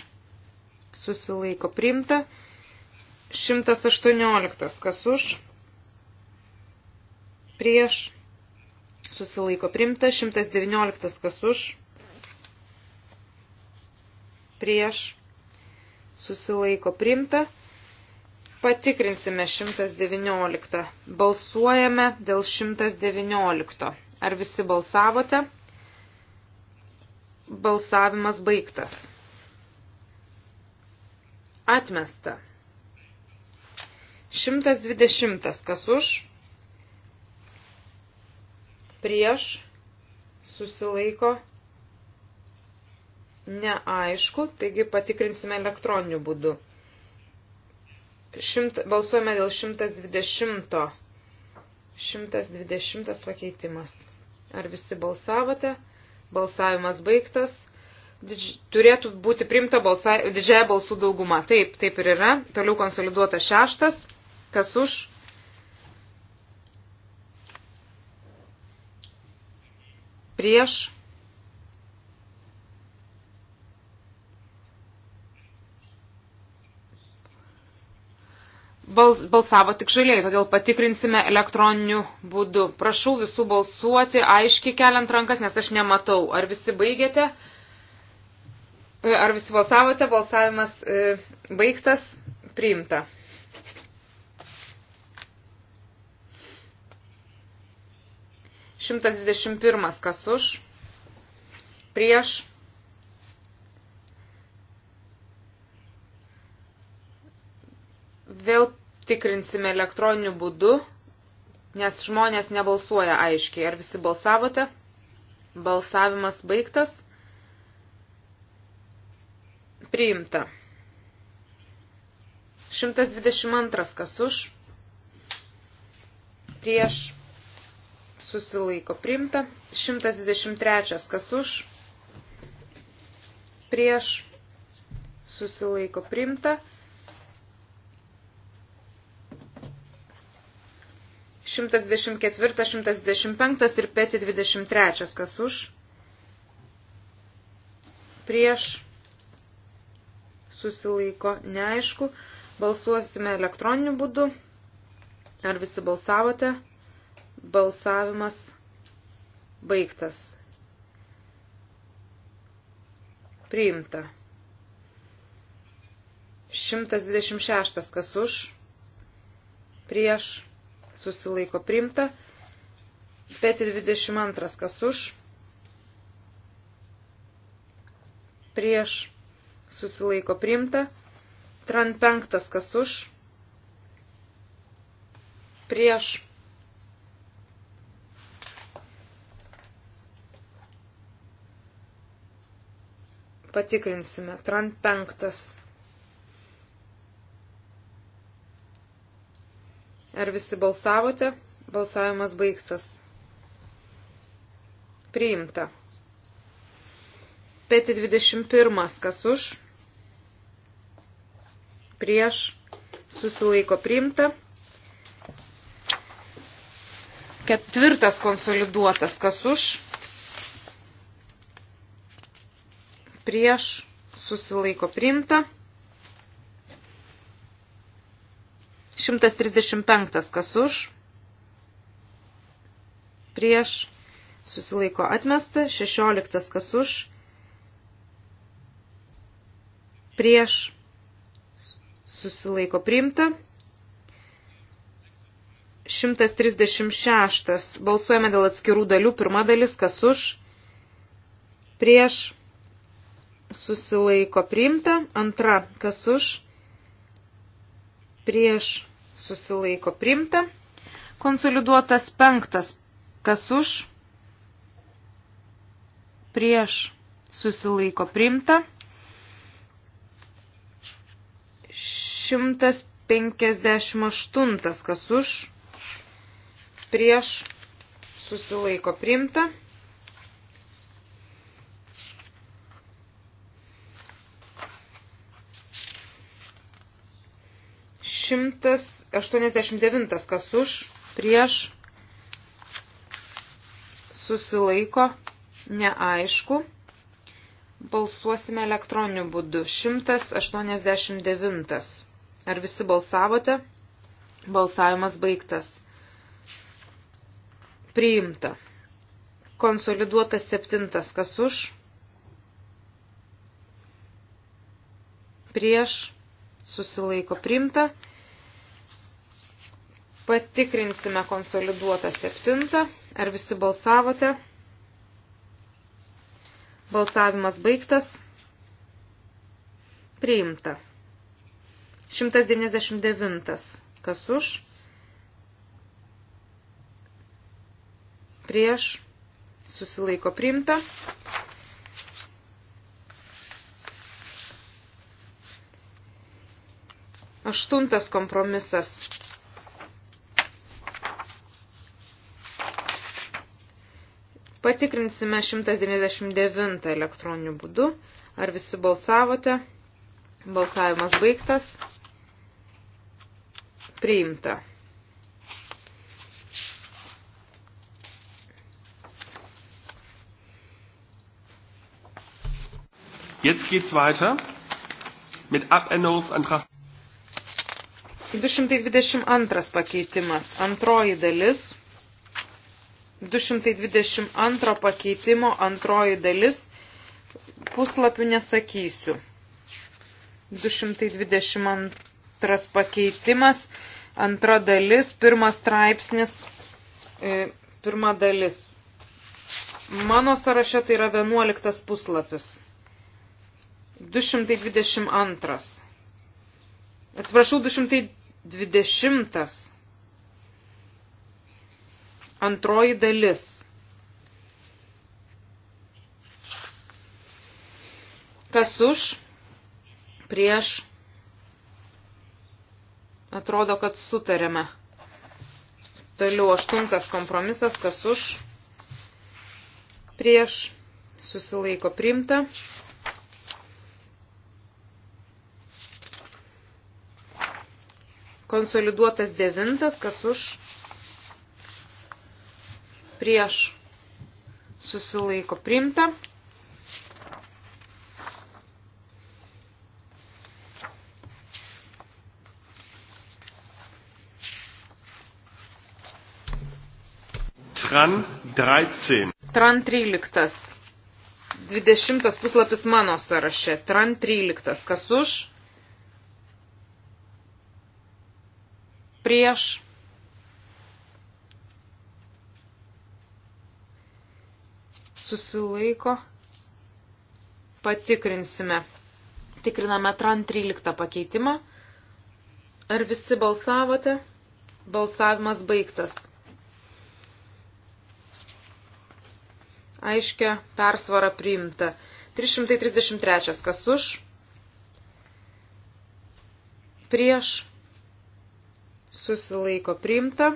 Susilaiko primta. 118 kas už? prieš susilaiko primta, 119 kas už, prieš susilaiko primta. Patikrinsime 119. Balsuojame dėl 119. Ar visi balsavote? Balsavimas baigtas. Atmesta. 120. Kas už? prieš, susilaiko, neaišku, taigi patikrinsime elektroniniu būdu. Šimt, balsuojame dėl 120. 120 pakeitimas. Ar visi balsavote? Balsavimas baigtas. Didž... Turėtų būti primta balsa... didžiaja balsų dauguma. Taip, taip ir yra. Toliau konsoliduota šeštas. Kas už? prieš. Balsavo tik žaliai, todėl patikrinsime elektroniniu būdu. Prašau visų balsuoti, aiškiai keliant rankas, nes aš nematau. Ar visi baigėte? E, ar visi balsavote? Balsavimas e, baigtas, priimta. 121 kas už, prieš, vėl tikrinsime elektroniniu būdu, nes žmonės nebalsuoja aiškiai. Ar visi balsavote? Balsavimas baigtas. Priimta. 122 kas už. Prieš susilaiko primta. 123 kas už, prieš susilaiko primta. 124, 125 ir 523, kas už, prieš, susilaiko, neaišku, balsuosime elektroniniu būdu, ar visi balsavote, Balsavimas baigtas. Priimta. 126 kas už, prieš susilaiko priimta, 522 kas už, prieš susilaiko priimta, tran 5 kas už, prieš Patikrinsime. Tran penktas. Ar visi balsavote? Balsavimas baigtas. Priimta. Peti 21. Kas už? Prieš. Susilaiko priimta. Ketvirtas konsoliduotas. Kas už? prieš susilaiko priimta. 135 kas už, prieš susilaiko atmesta, 16 kas už, prieš susilaiko priimta. 136. Balsuojame dėl atskirų dalių. Pirma dalis, kas už, prieš, susilaiko priimta, antra, kas už, prieš susilaiko priimta, konsoliduotas penktas, kas už, prieš susilaiko priimta, 158, kas už, prieš susilaiko priimta. 189 kas už, prieš, susilaiko, neaišku. Balsuosime elektroniniu būdu. 189. Ar visi balsavote? Balsavimas baigtas. Priimta. Konsoliduotas septintas. Kas už? Prieš. Susilaiko priimta. Patikrinsime konsoliduotą septintą. Ar visi balsavote? Balsavimas baigtas. Priimta. 199. Kas už? Prieš. Susilaiko priimta. Aštuntas kompromisas Patikrinsime 199 elektroniniu būdu. Ar visi balsavote? Balsavimas baigtas. Priimta. Jetzt geht's weiter mit Abänderungsantrag 222 pakeitimas. Antroji dalis. 222 pakeitimo antroji dalis, puslapių nesakysiu. 222 pakeitimas, antra dalis, pirmas straipsnis, e, pirma dalis. Mano sąraše tai yra 11 puslapis. 222. Atsiprašau, 220. Antroji dalis. Kas už, prieš, atrodo, kad sutarėme. Toliau aštuntas kompromisas, kas už, prieš, susilaiko primta. Konsoliduotas devintas, kas už, prieš prieš susilaiko primta. Tran 13. Tran 13. 20 puslapis mano sąraše. Tran 13. Kas už? Prieš susilaiko, patikrinsime. Tikriname TRAN 13 pakeitimą. Ar visi balsavote? Balsavimas baigtas. Aiškia persvara priimta. 333 kas už? Prieš susilaiko priimta.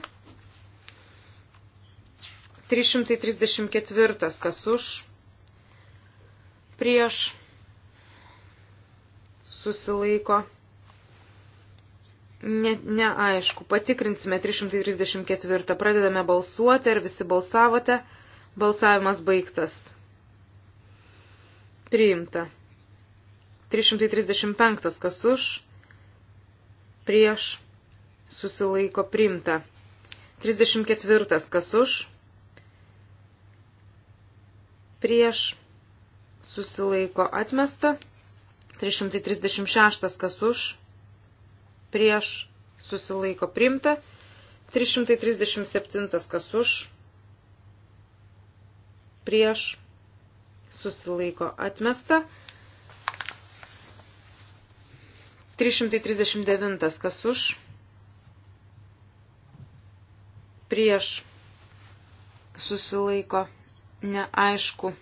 334 kas už, prieš, susilaiko, ne, neaišku, patikrinsime 334, pradedame balsuoti, ar visi balsavote, balsavimas baigtas, priimta, 335 kas už, prieš, susilaiko, priimta, 34 kas už, prieš susilaiko atmesta, 336 kas už, prieš susilaiko primta, 337 kas už, prieš susilaiko atmesta, 339 kas už, prieš susilaiko atmesta neaišku.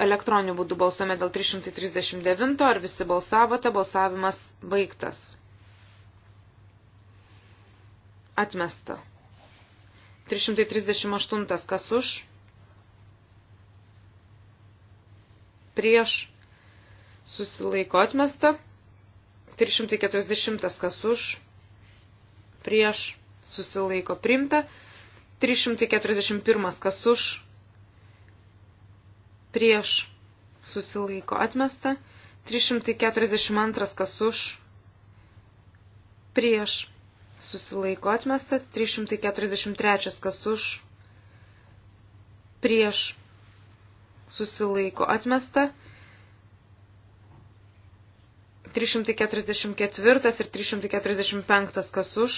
Elektroniniu būdu balsuojame dėl 339, ar visi balsavote, balsavimas baigtas. Atmesta. 338, kas už? Prieš susilaiko atmesta. 340, kas už? Prieš susilaiko primta. 341, kas už? prieš susilaiko atmesta, 342 kas už, prieš susilaiko atmesta, 343 kas už, prieš susilaiko atmesta, 344 ir 345 kas už,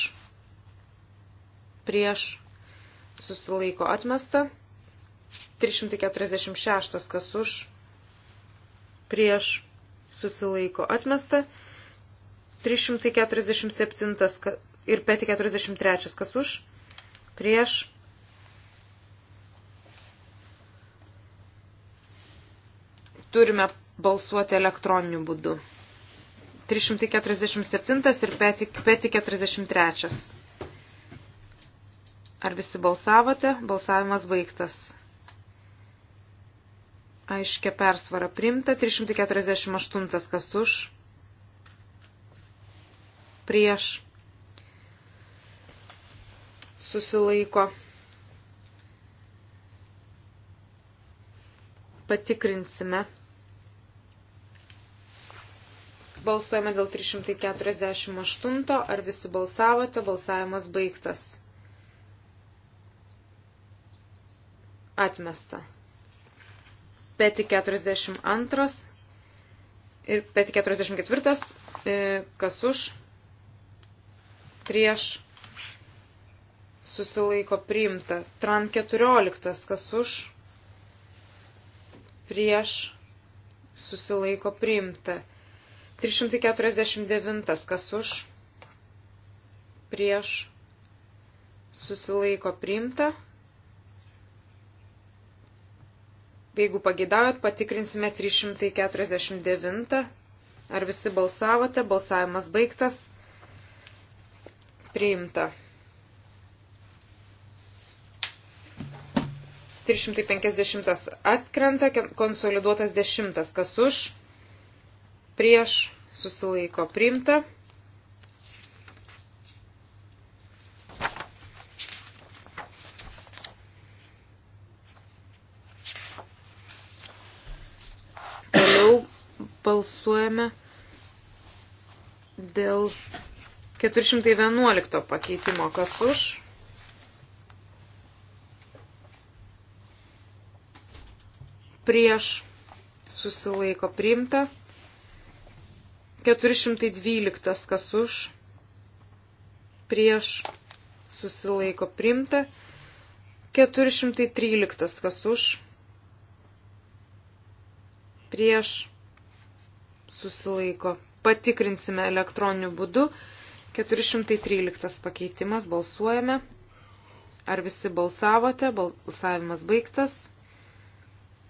prieš susilaiko atmesta. 346 kas už, prieš susilaiko atmesta, 347 ir 543 kas už, prieš turime balsuoti elektroniniu būdu. 347 ir peti 43. Ar visi balsavote? Balsavimas baigtas aiškia persvara primta. 348 kas už. Prieš. Susilaiko. Patikrinsime. Balsuojame dėl 348. Ar visi balsavote? Balsavimas baigtas. Atmesta peti 42 ir peti 44, e, kas už, prieš, susilaiko priimta. Tran 14, kas už, prieš, susilaiko priimta. 349, kas už, prieš, susilaiko priimta. Jeigu pagėdaujat, patikrinsime 349. Ar visi balsavote? Balsavimas baigtas. Priimta. 350 atkrenta, konsoliduotas 10. Kas už? Prieš susilaiko priimta. balsuojame dėl 411 pakeitimo. Kas už? Prieš susilaiko priimta. 412 kas už? Prieš susilaiko priimta. 413 kas už? Prieš susilaiko. Patikrinsime elektroniniu būdu. 413 pakeitimas. Balsuojame. Ar visi balsavote? Balsavimas baigtas.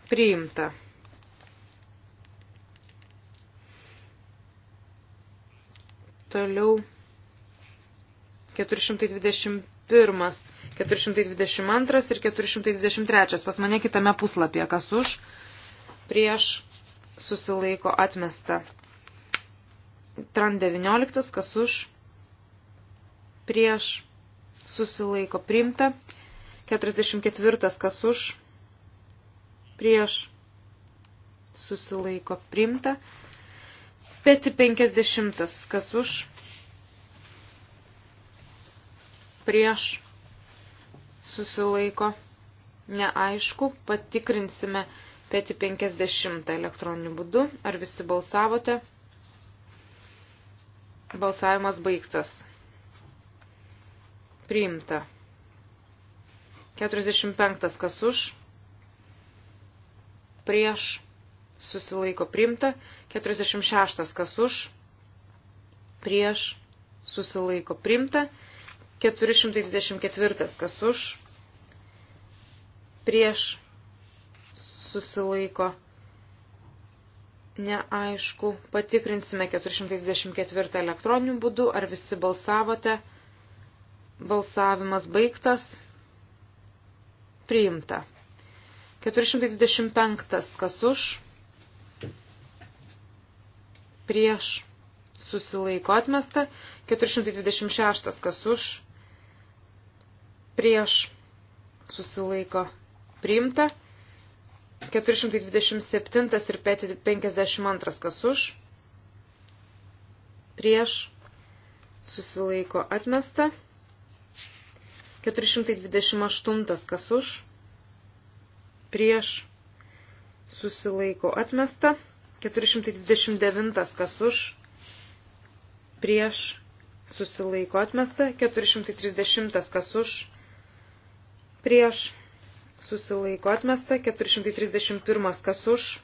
Priimta. Toliau 421, 422 ir 423. Pas mane kitame puslapyje, kas už, prieš, susilaiko atmesta. Tran 19, kas už, prieš, susilaiko priimta. 44, kas už, prieš, susilaiko priimta. Peti 50, kas už, prieš, susilaiko neaišku, patikrinsime 50 Peti 50 elektroniniu būdu. Ar visi balsavote? Balsavimas baigtas. Priimta. 45 kas už. Prieš. Susilaiko priimta. 46 kas už. Prieš. Susilaiko priimta. 424 kas už. Prieš susilaiko. Neaišku, patikrinsime 424 elektroniniu būdu, ar visi balsavote. Balsavimas baigtas. Priimta. 425 kas už. Prieš susilaiko atmesta. 426 kas už. Prieš susilaiko priimta. 427 ir 52 kas už, prieš susilaiko atmesta, 428 kas už, prieš susilaiko atmesta, 429 kas už, prieš susilaiko atmesta, 430 kas už, prieš susilaiko atmesta, 431 kas už,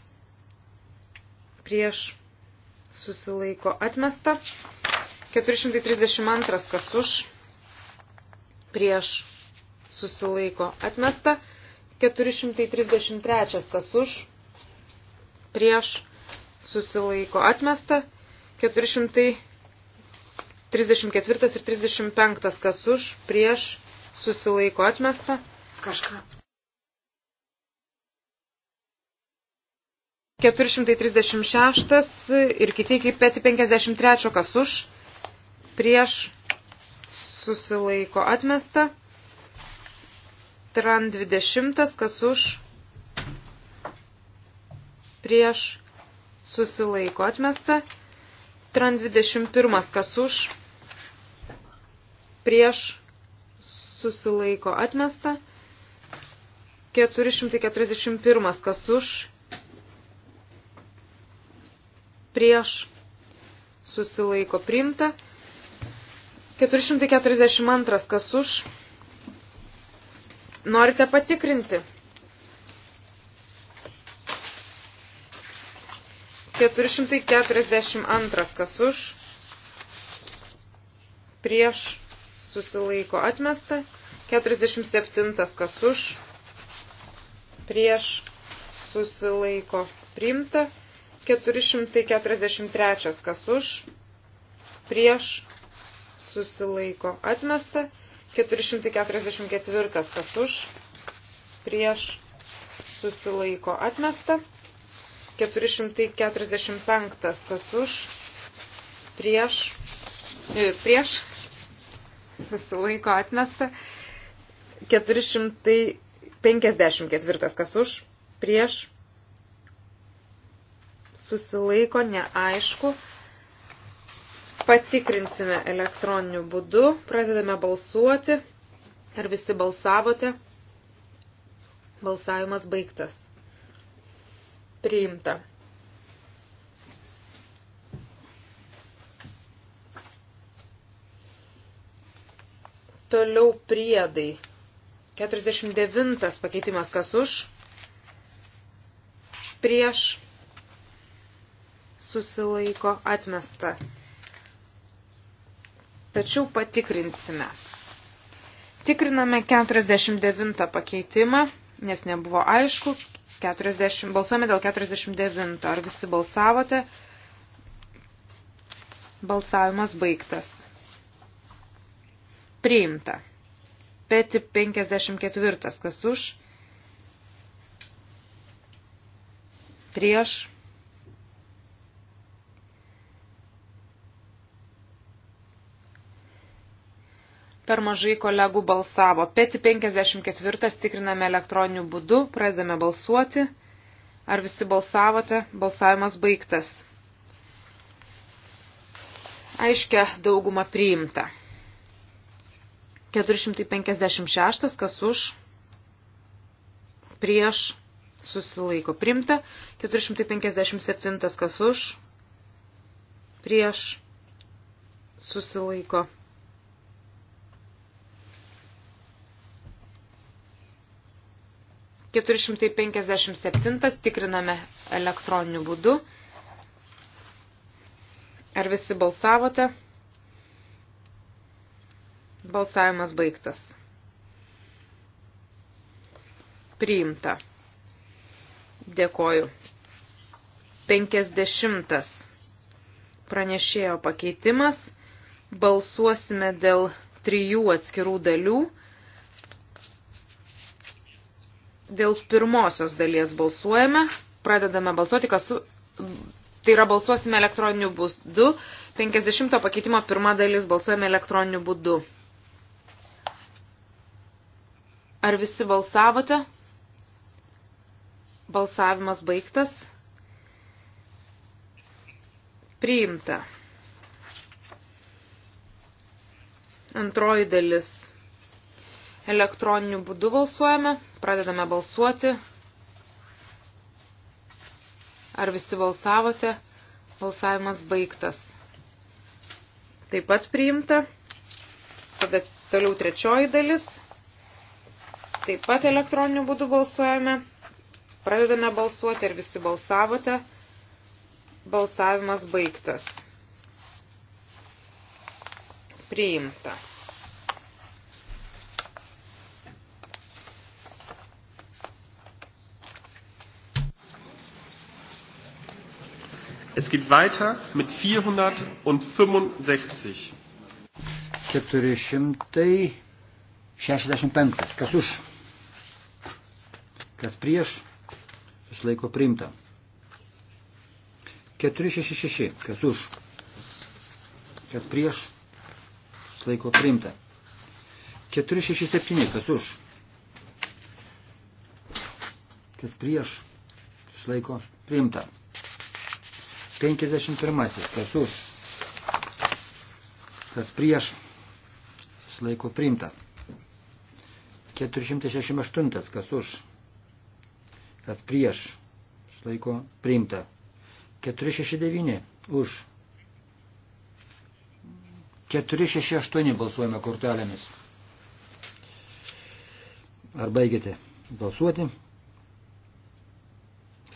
prieš susilaiko atmesta, 432 kas už, prieš susilaiko atmesta, 433 kas už, prieš susilaiko atmesta, 434 ir 35 kas už, prieš susilaiko atmesta. Kažką 436 ir kiti iki 53, kas už, prieš susilaiko atmesta. Tran 20, kas už, prieš susilaiko atmesta. Tran 21, kas už, prieš susilaiko atmesta. 441, kas už, prieš susilaiko priimta. 442 kas už. Norite patikrinti. 442 kas už. Prieš susilaiko atmesta. 47 kas už. Prieš susilaiko priimta. 443 kas už, prieš, susilaiko atmesta, 444 kas už, prieš, susilaiko atmesta, 445 kas už, prieš, e, prieš, susilaiko atmesta, 454 kas už, prieš, susilaiko neaišku. Patikrinsime elektroniniu būdu, pradedame balsuoti. Ar visi balsavote? Balsavimas baigtas. Priimta. Toliau priedai. 49 pakeitimas kas už? Prieš susilaiko atmesta. Tačiau patikrinsime. Tikriname 49 pakeitimą, nes nebuvo aišku. 40, balsuojame dėl 49. Ar visi balsavote? Balsavimas baigtas. Priimta. Peti 54. Kas už? Prieš Per mažai kolegų balsavo. Peti 54 tikriname elektroniniu būdu, pradedame balsuoti. Ar visi balsavote? Balsavimas baigtas. Aiškia dauguma priimta. 456, kas už, prieš, susilaiko primta, 457, kas už, prieš, susilaiko primta 457 tikriname elektroniniu būdu. Ar visi balsavote? Balsavimas baigtas. Priimta. Dėkoju. 50. Pranešėjo pakeitimas. Balsuosime dėl trijų atskirų dalių. Dėl pirmosios dalies balsuojame. Pradedame balsuoti, kas su... Tai yra balsuosime elektroniniu būdu. 50 pakeitimo pirma dalis balsuojame elektroniniu būdu. Ar visi balsavote? Balsavimas baigtas. Priimta. Antroji dalis Elektroniniu būdu balsuojame. Pradedame balsuoti. Ar visi balsavote? Balsavimas baigtas. Taip pat priimta. Tada toliau trečioji dalis. Taip pat elektroniniu būdu balsuojame. Pradedame balsuoti, ar visi balsavote. Balsavimas baigtas. Priimta. Es geht weiter mit 465. 465. Kas už? Kas prieš? Išlaiko priimta. 466. Kas už? Kas prieš? Išlaiko priimta. 467. Kas už? Kas prieš? Išlaiko priimta. 51. Kas už? Kas prieš? Slaiko primta. 468. Kas už? Kas prieš? Slaiko primta. 469. Už. 468 balsuojame kortelėmis. Ar baigėte balsuoti?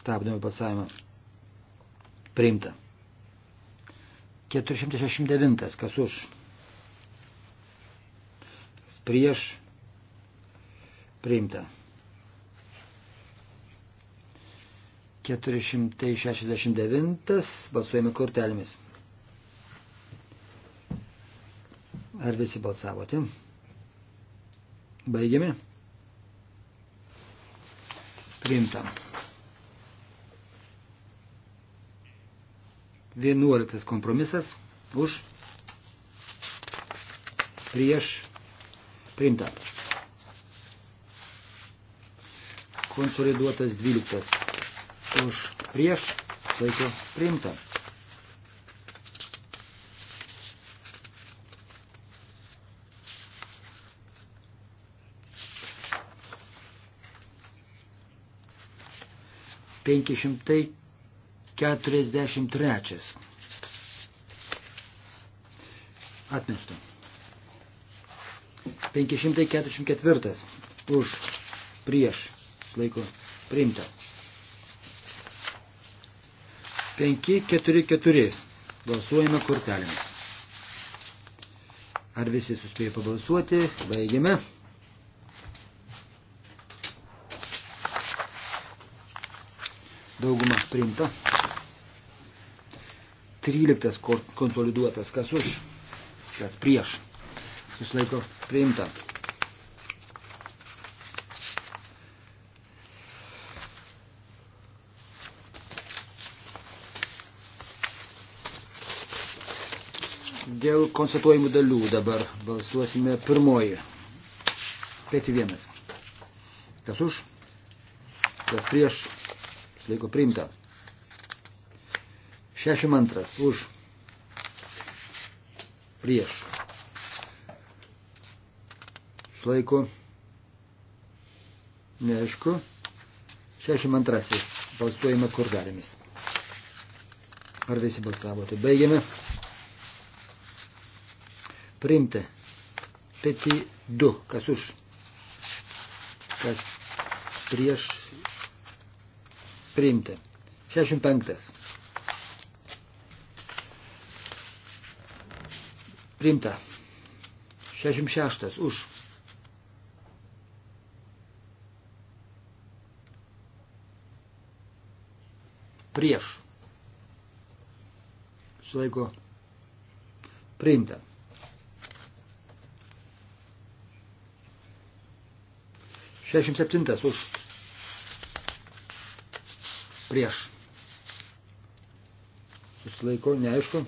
Stabdome balsavimą. Priimta. 469. Kas už? Prieš. Priimta. 469. Balsuojame kortelėmis. Ar visi balsavote? Baigiame. Priimta. 11 kompromisas už prieš printą. Konsoliduotas 12 už prieš laiko printą. Penki šimtai 43. Atmesta. 544. Už. Prieš. Laiko. Priimta. 544. Balsuojame kortelėmis. Ar visi suspėjo pabalsuoti? Baigiame. Dauguma priimta. 13 konsoliduotas, kas už, kas prieš. Susilaiko priimta. Dėl konstatuojimų dalių dabar balsuosime pirmoji. Peti vienas. Kas už, kas prieš, susilaiko priimta. 62 už prieš. Išlaiko. Neaišku. 62 balsuojame kurdarėmis. Ar visi balsavo? Tai baigiame. Priimta. Peti 2. Kas už? Kas prieš? Priimta. 65. Primta. 66 už. Prieš. Sulaiko. Priimta. Šešim septintas už. Prieš. Susilaiko, neaišku.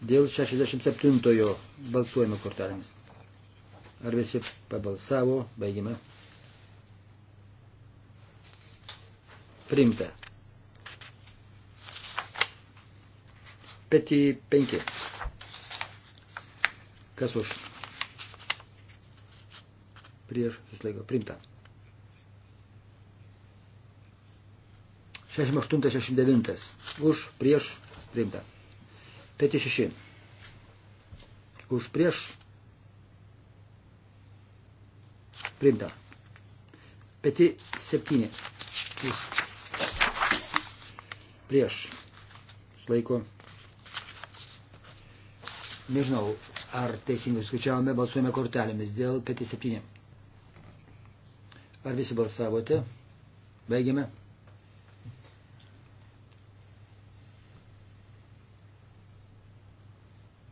Dėl 67-ojo balsuojame kortelėmis. Ar visi pabalsavo? Baigime. Primta. Peti 5. Kas už? Prieš susilaiko. Primta. 68-69. Už, prieš, primta. 56. Už prieš priimta. 57. Už prieš laiko. Nežinau, ar teisingai skaičiavome, balsuojame kortelėmis dėl 57. Ar visi balsavote? Baigiame.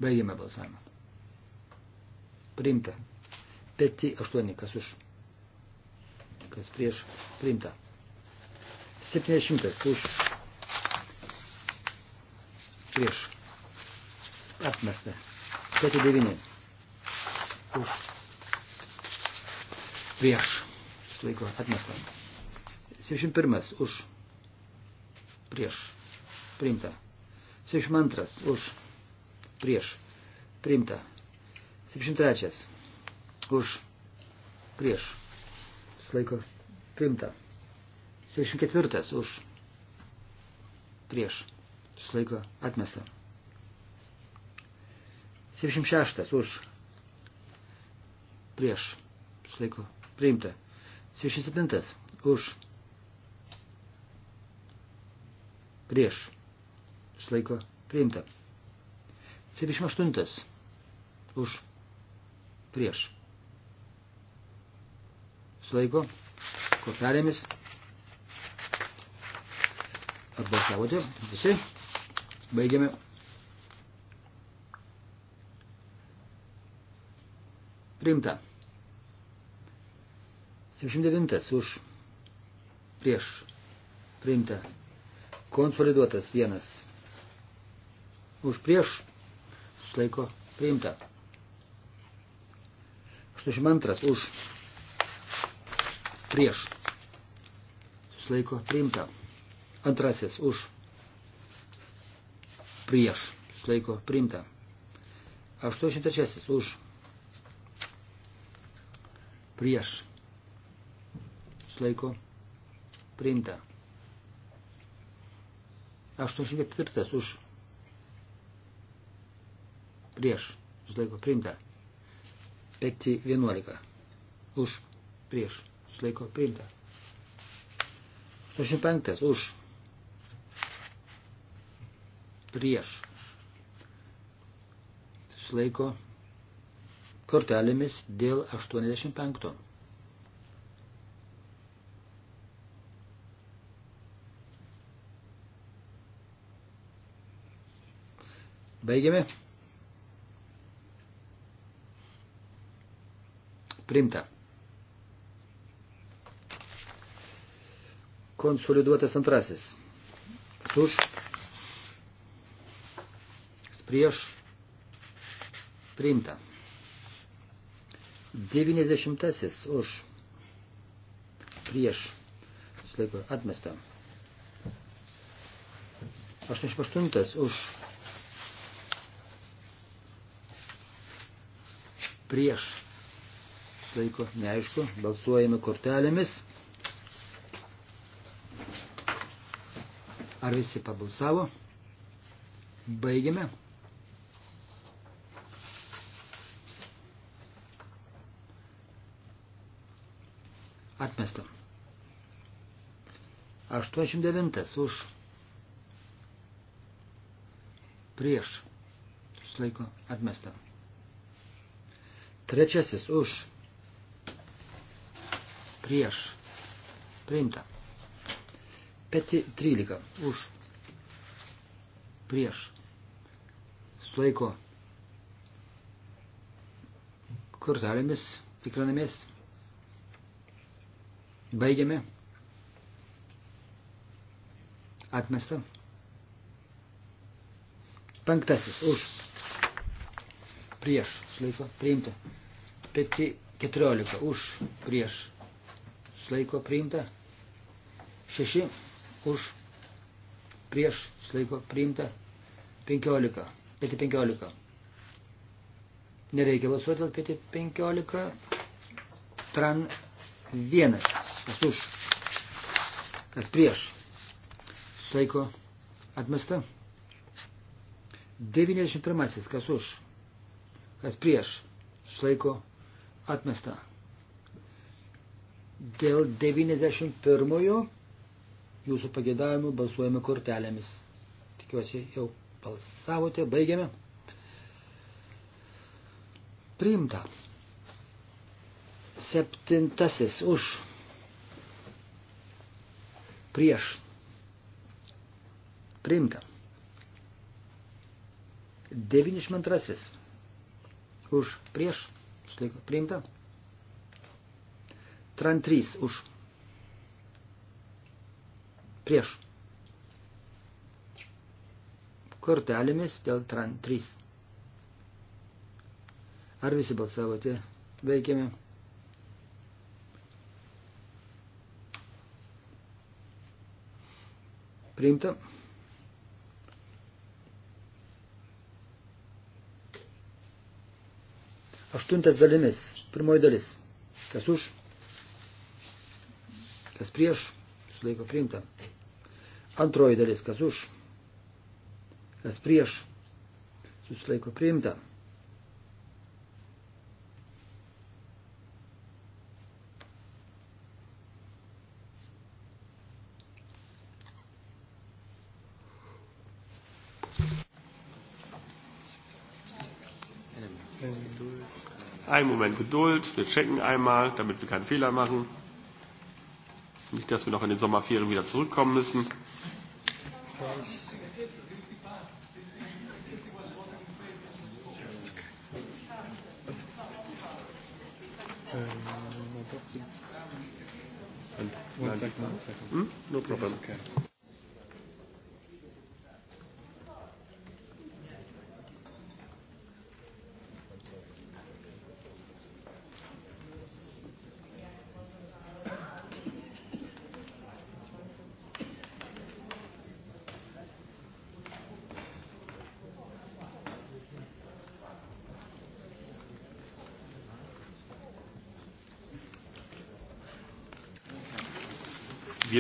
Baigėme balsavimą. Priimta. Peti 8, kas už. Kas prieš. Priimta. 70 už. Prieš. Atmesta. Peti 9. Už. Prieš. Laiko atmesta. 71 už. Prieš. Priimta. 72 už prieš, priimta. 73 už, prieš, laiko priimta. 74 už, prieš, laiko atmesta. 76 už, prieš, laiko priimta. 77 už, prieš, laiko priimta. 78. Už. Prieš. Slaiko kortelėmis. Atbalsavote visi. Baigiame. Priimta. 79 už prieš priimta. Konsoliduotas vienas. Už prieš Išlaiko priimta. 82 už. Prieš. Susilaiko priimta. Antrasis už. Prieš. Susilaiko priimta. 83 už. Prieš. Susilaiko priimta. 84 už prieš, susilaiko priimta. Peti 11, už, prieš, susilaiko priimta. 85, už, prieš, susilaiko kortelėmis dėl 85. Baigiame. Primta. Konsoliduotas antrasis. Už. Prieš. Primta. 90 už. Prieš. Slaiko atmesta. 88 už. Prieš susilaiko neaišku, balsuojame kortelėmis. Ar visi pabalsavo? Baigiame. Atmesta. 89 už. Prieš. Susilaiko atmesta. Trečiasis už prieš priimta. Peti 13 už prieš sulaiko kortelėmis tikrinamės. Baigiame. Atmesta. Penktasis už prieš sulaiko priimta. Peti 14 už prieš laiko priimta, 6 už, prieš laiko priimta, 15, pėti 15. Nereikia balsuoti dėl pėti 15, tran 1, kas už, kas prieš, laiko atmesta. 91. Kas už? Kas prieš? Šlaiko atmesta. Dėl 91-ojo jūsų pagėdavimų balsuojame kortelėmis. Tikiuosi, jau balsavote, baigiame. Priimta. Septintasis už. Prieš. Priimta. 92. Už prieš. Priimta. Tran 3 už. Prieš. Kortelėmis dėl Tran 3. Ar visi balsavote? Veikiame. Priimta. Aštuntas dalimis. Pirmoji dalis. Kas už? kas prieš, sulaiko priimta. Antroji dalis, kas už, kas prieš, susilaiko priimta. Einen Moment Geduld, wir checken einmal, damit wir keinen Fehler machen. Nicht, dass wir noch in den Sommerferien wieder zurückkommen müssen. Um, no problem. It's okay.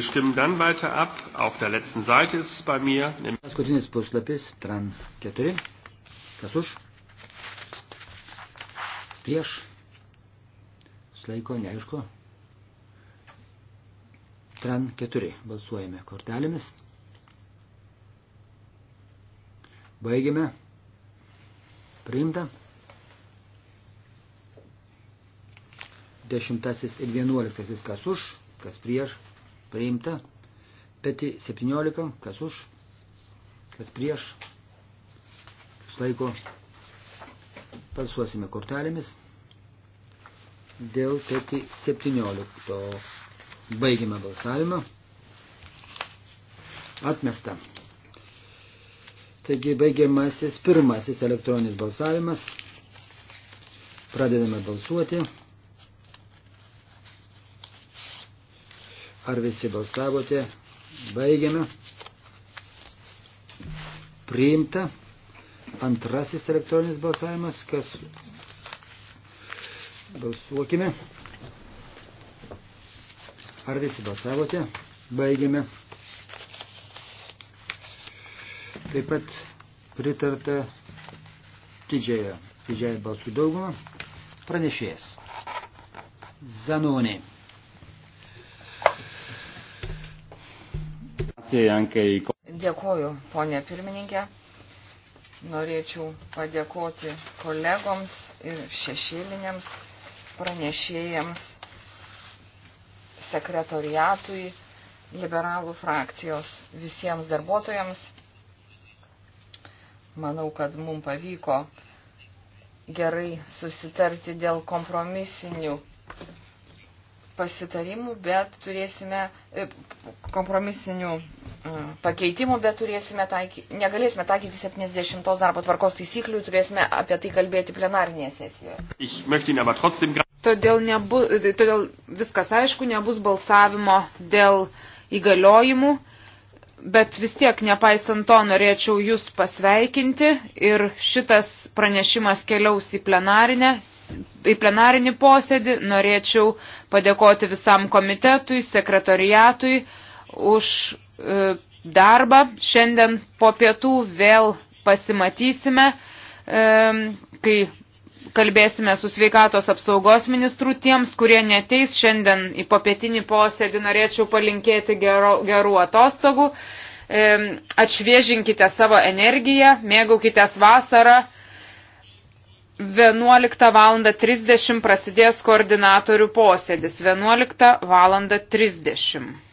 stimmen dann weiter ab. Auf der letzten Seite ist es bei mir. Paskutinis puslapis, tran 4. Kas už? Prieš? Slaiko, neaišku. Tran 4. Balsuojame kortelėmis. Baigiame. Priimta. Dešimtasis ir vienuoliktasis kas už, kas prieš, priimta. Peti 17, kas už, kas prieš, išlaiko, pasuosime kortelėmis. Dėl peti 17 baigime balsavimą. Atmesta. Taigi baigiamasis pirmasis elektroninis balsavimas. Pradedame balsuoti. Ar visi balsavote? Baigiame. Priimta. Antrasis elektroninis balsavimas, kas balsuokime. Ar visi balsavote? Baigiame. Taip pat pritarta didžiąją, didžiąją balsų daugumą pranešėjas. Zanonė. Dėkoju, ponė pirmininkė. Norėčiau padėkoti kolegoms ir šešėliniams pranešėjams, sekretoriatui, liberalų frakcijos visiems darbuotojams. Manau, kad mums pavyko gerai susitarti dėl kompromisinių pasitarimų, bet turėsime e, kompromisinių Mm, pakeitimų, bet turėsime taiky, negalėsime taikyti 70 darbo tvarkos taisyklių, turėsime apie tai kalbėti plenarinėje sesijoje. Todėl, nebu, todėl viskas aišku, nebus balsavimo dėl įgaliojimų, bet vis tiek, nepaisant to, norėčiau Jūs pasveikinti ir šitas pranešimas keliaus į plenarinę į plenarinį posėdį, norėčiau padėkoti visam komitetui, sekretoriatui už E, darbą. Šiandien po pietų vėl pasimatysime, e, kai kalbėsime su sveikatos apsaugos ministru tiems, kurie neteis šiandien į papietinį posėdį, norėčiau palinkėti gero, gerų atostogų. E, atšviežinkite savo energiją, mėgaukitės vasarą. 11 val. 30 prasidės koordinatorių posėdis. 11 val. 30.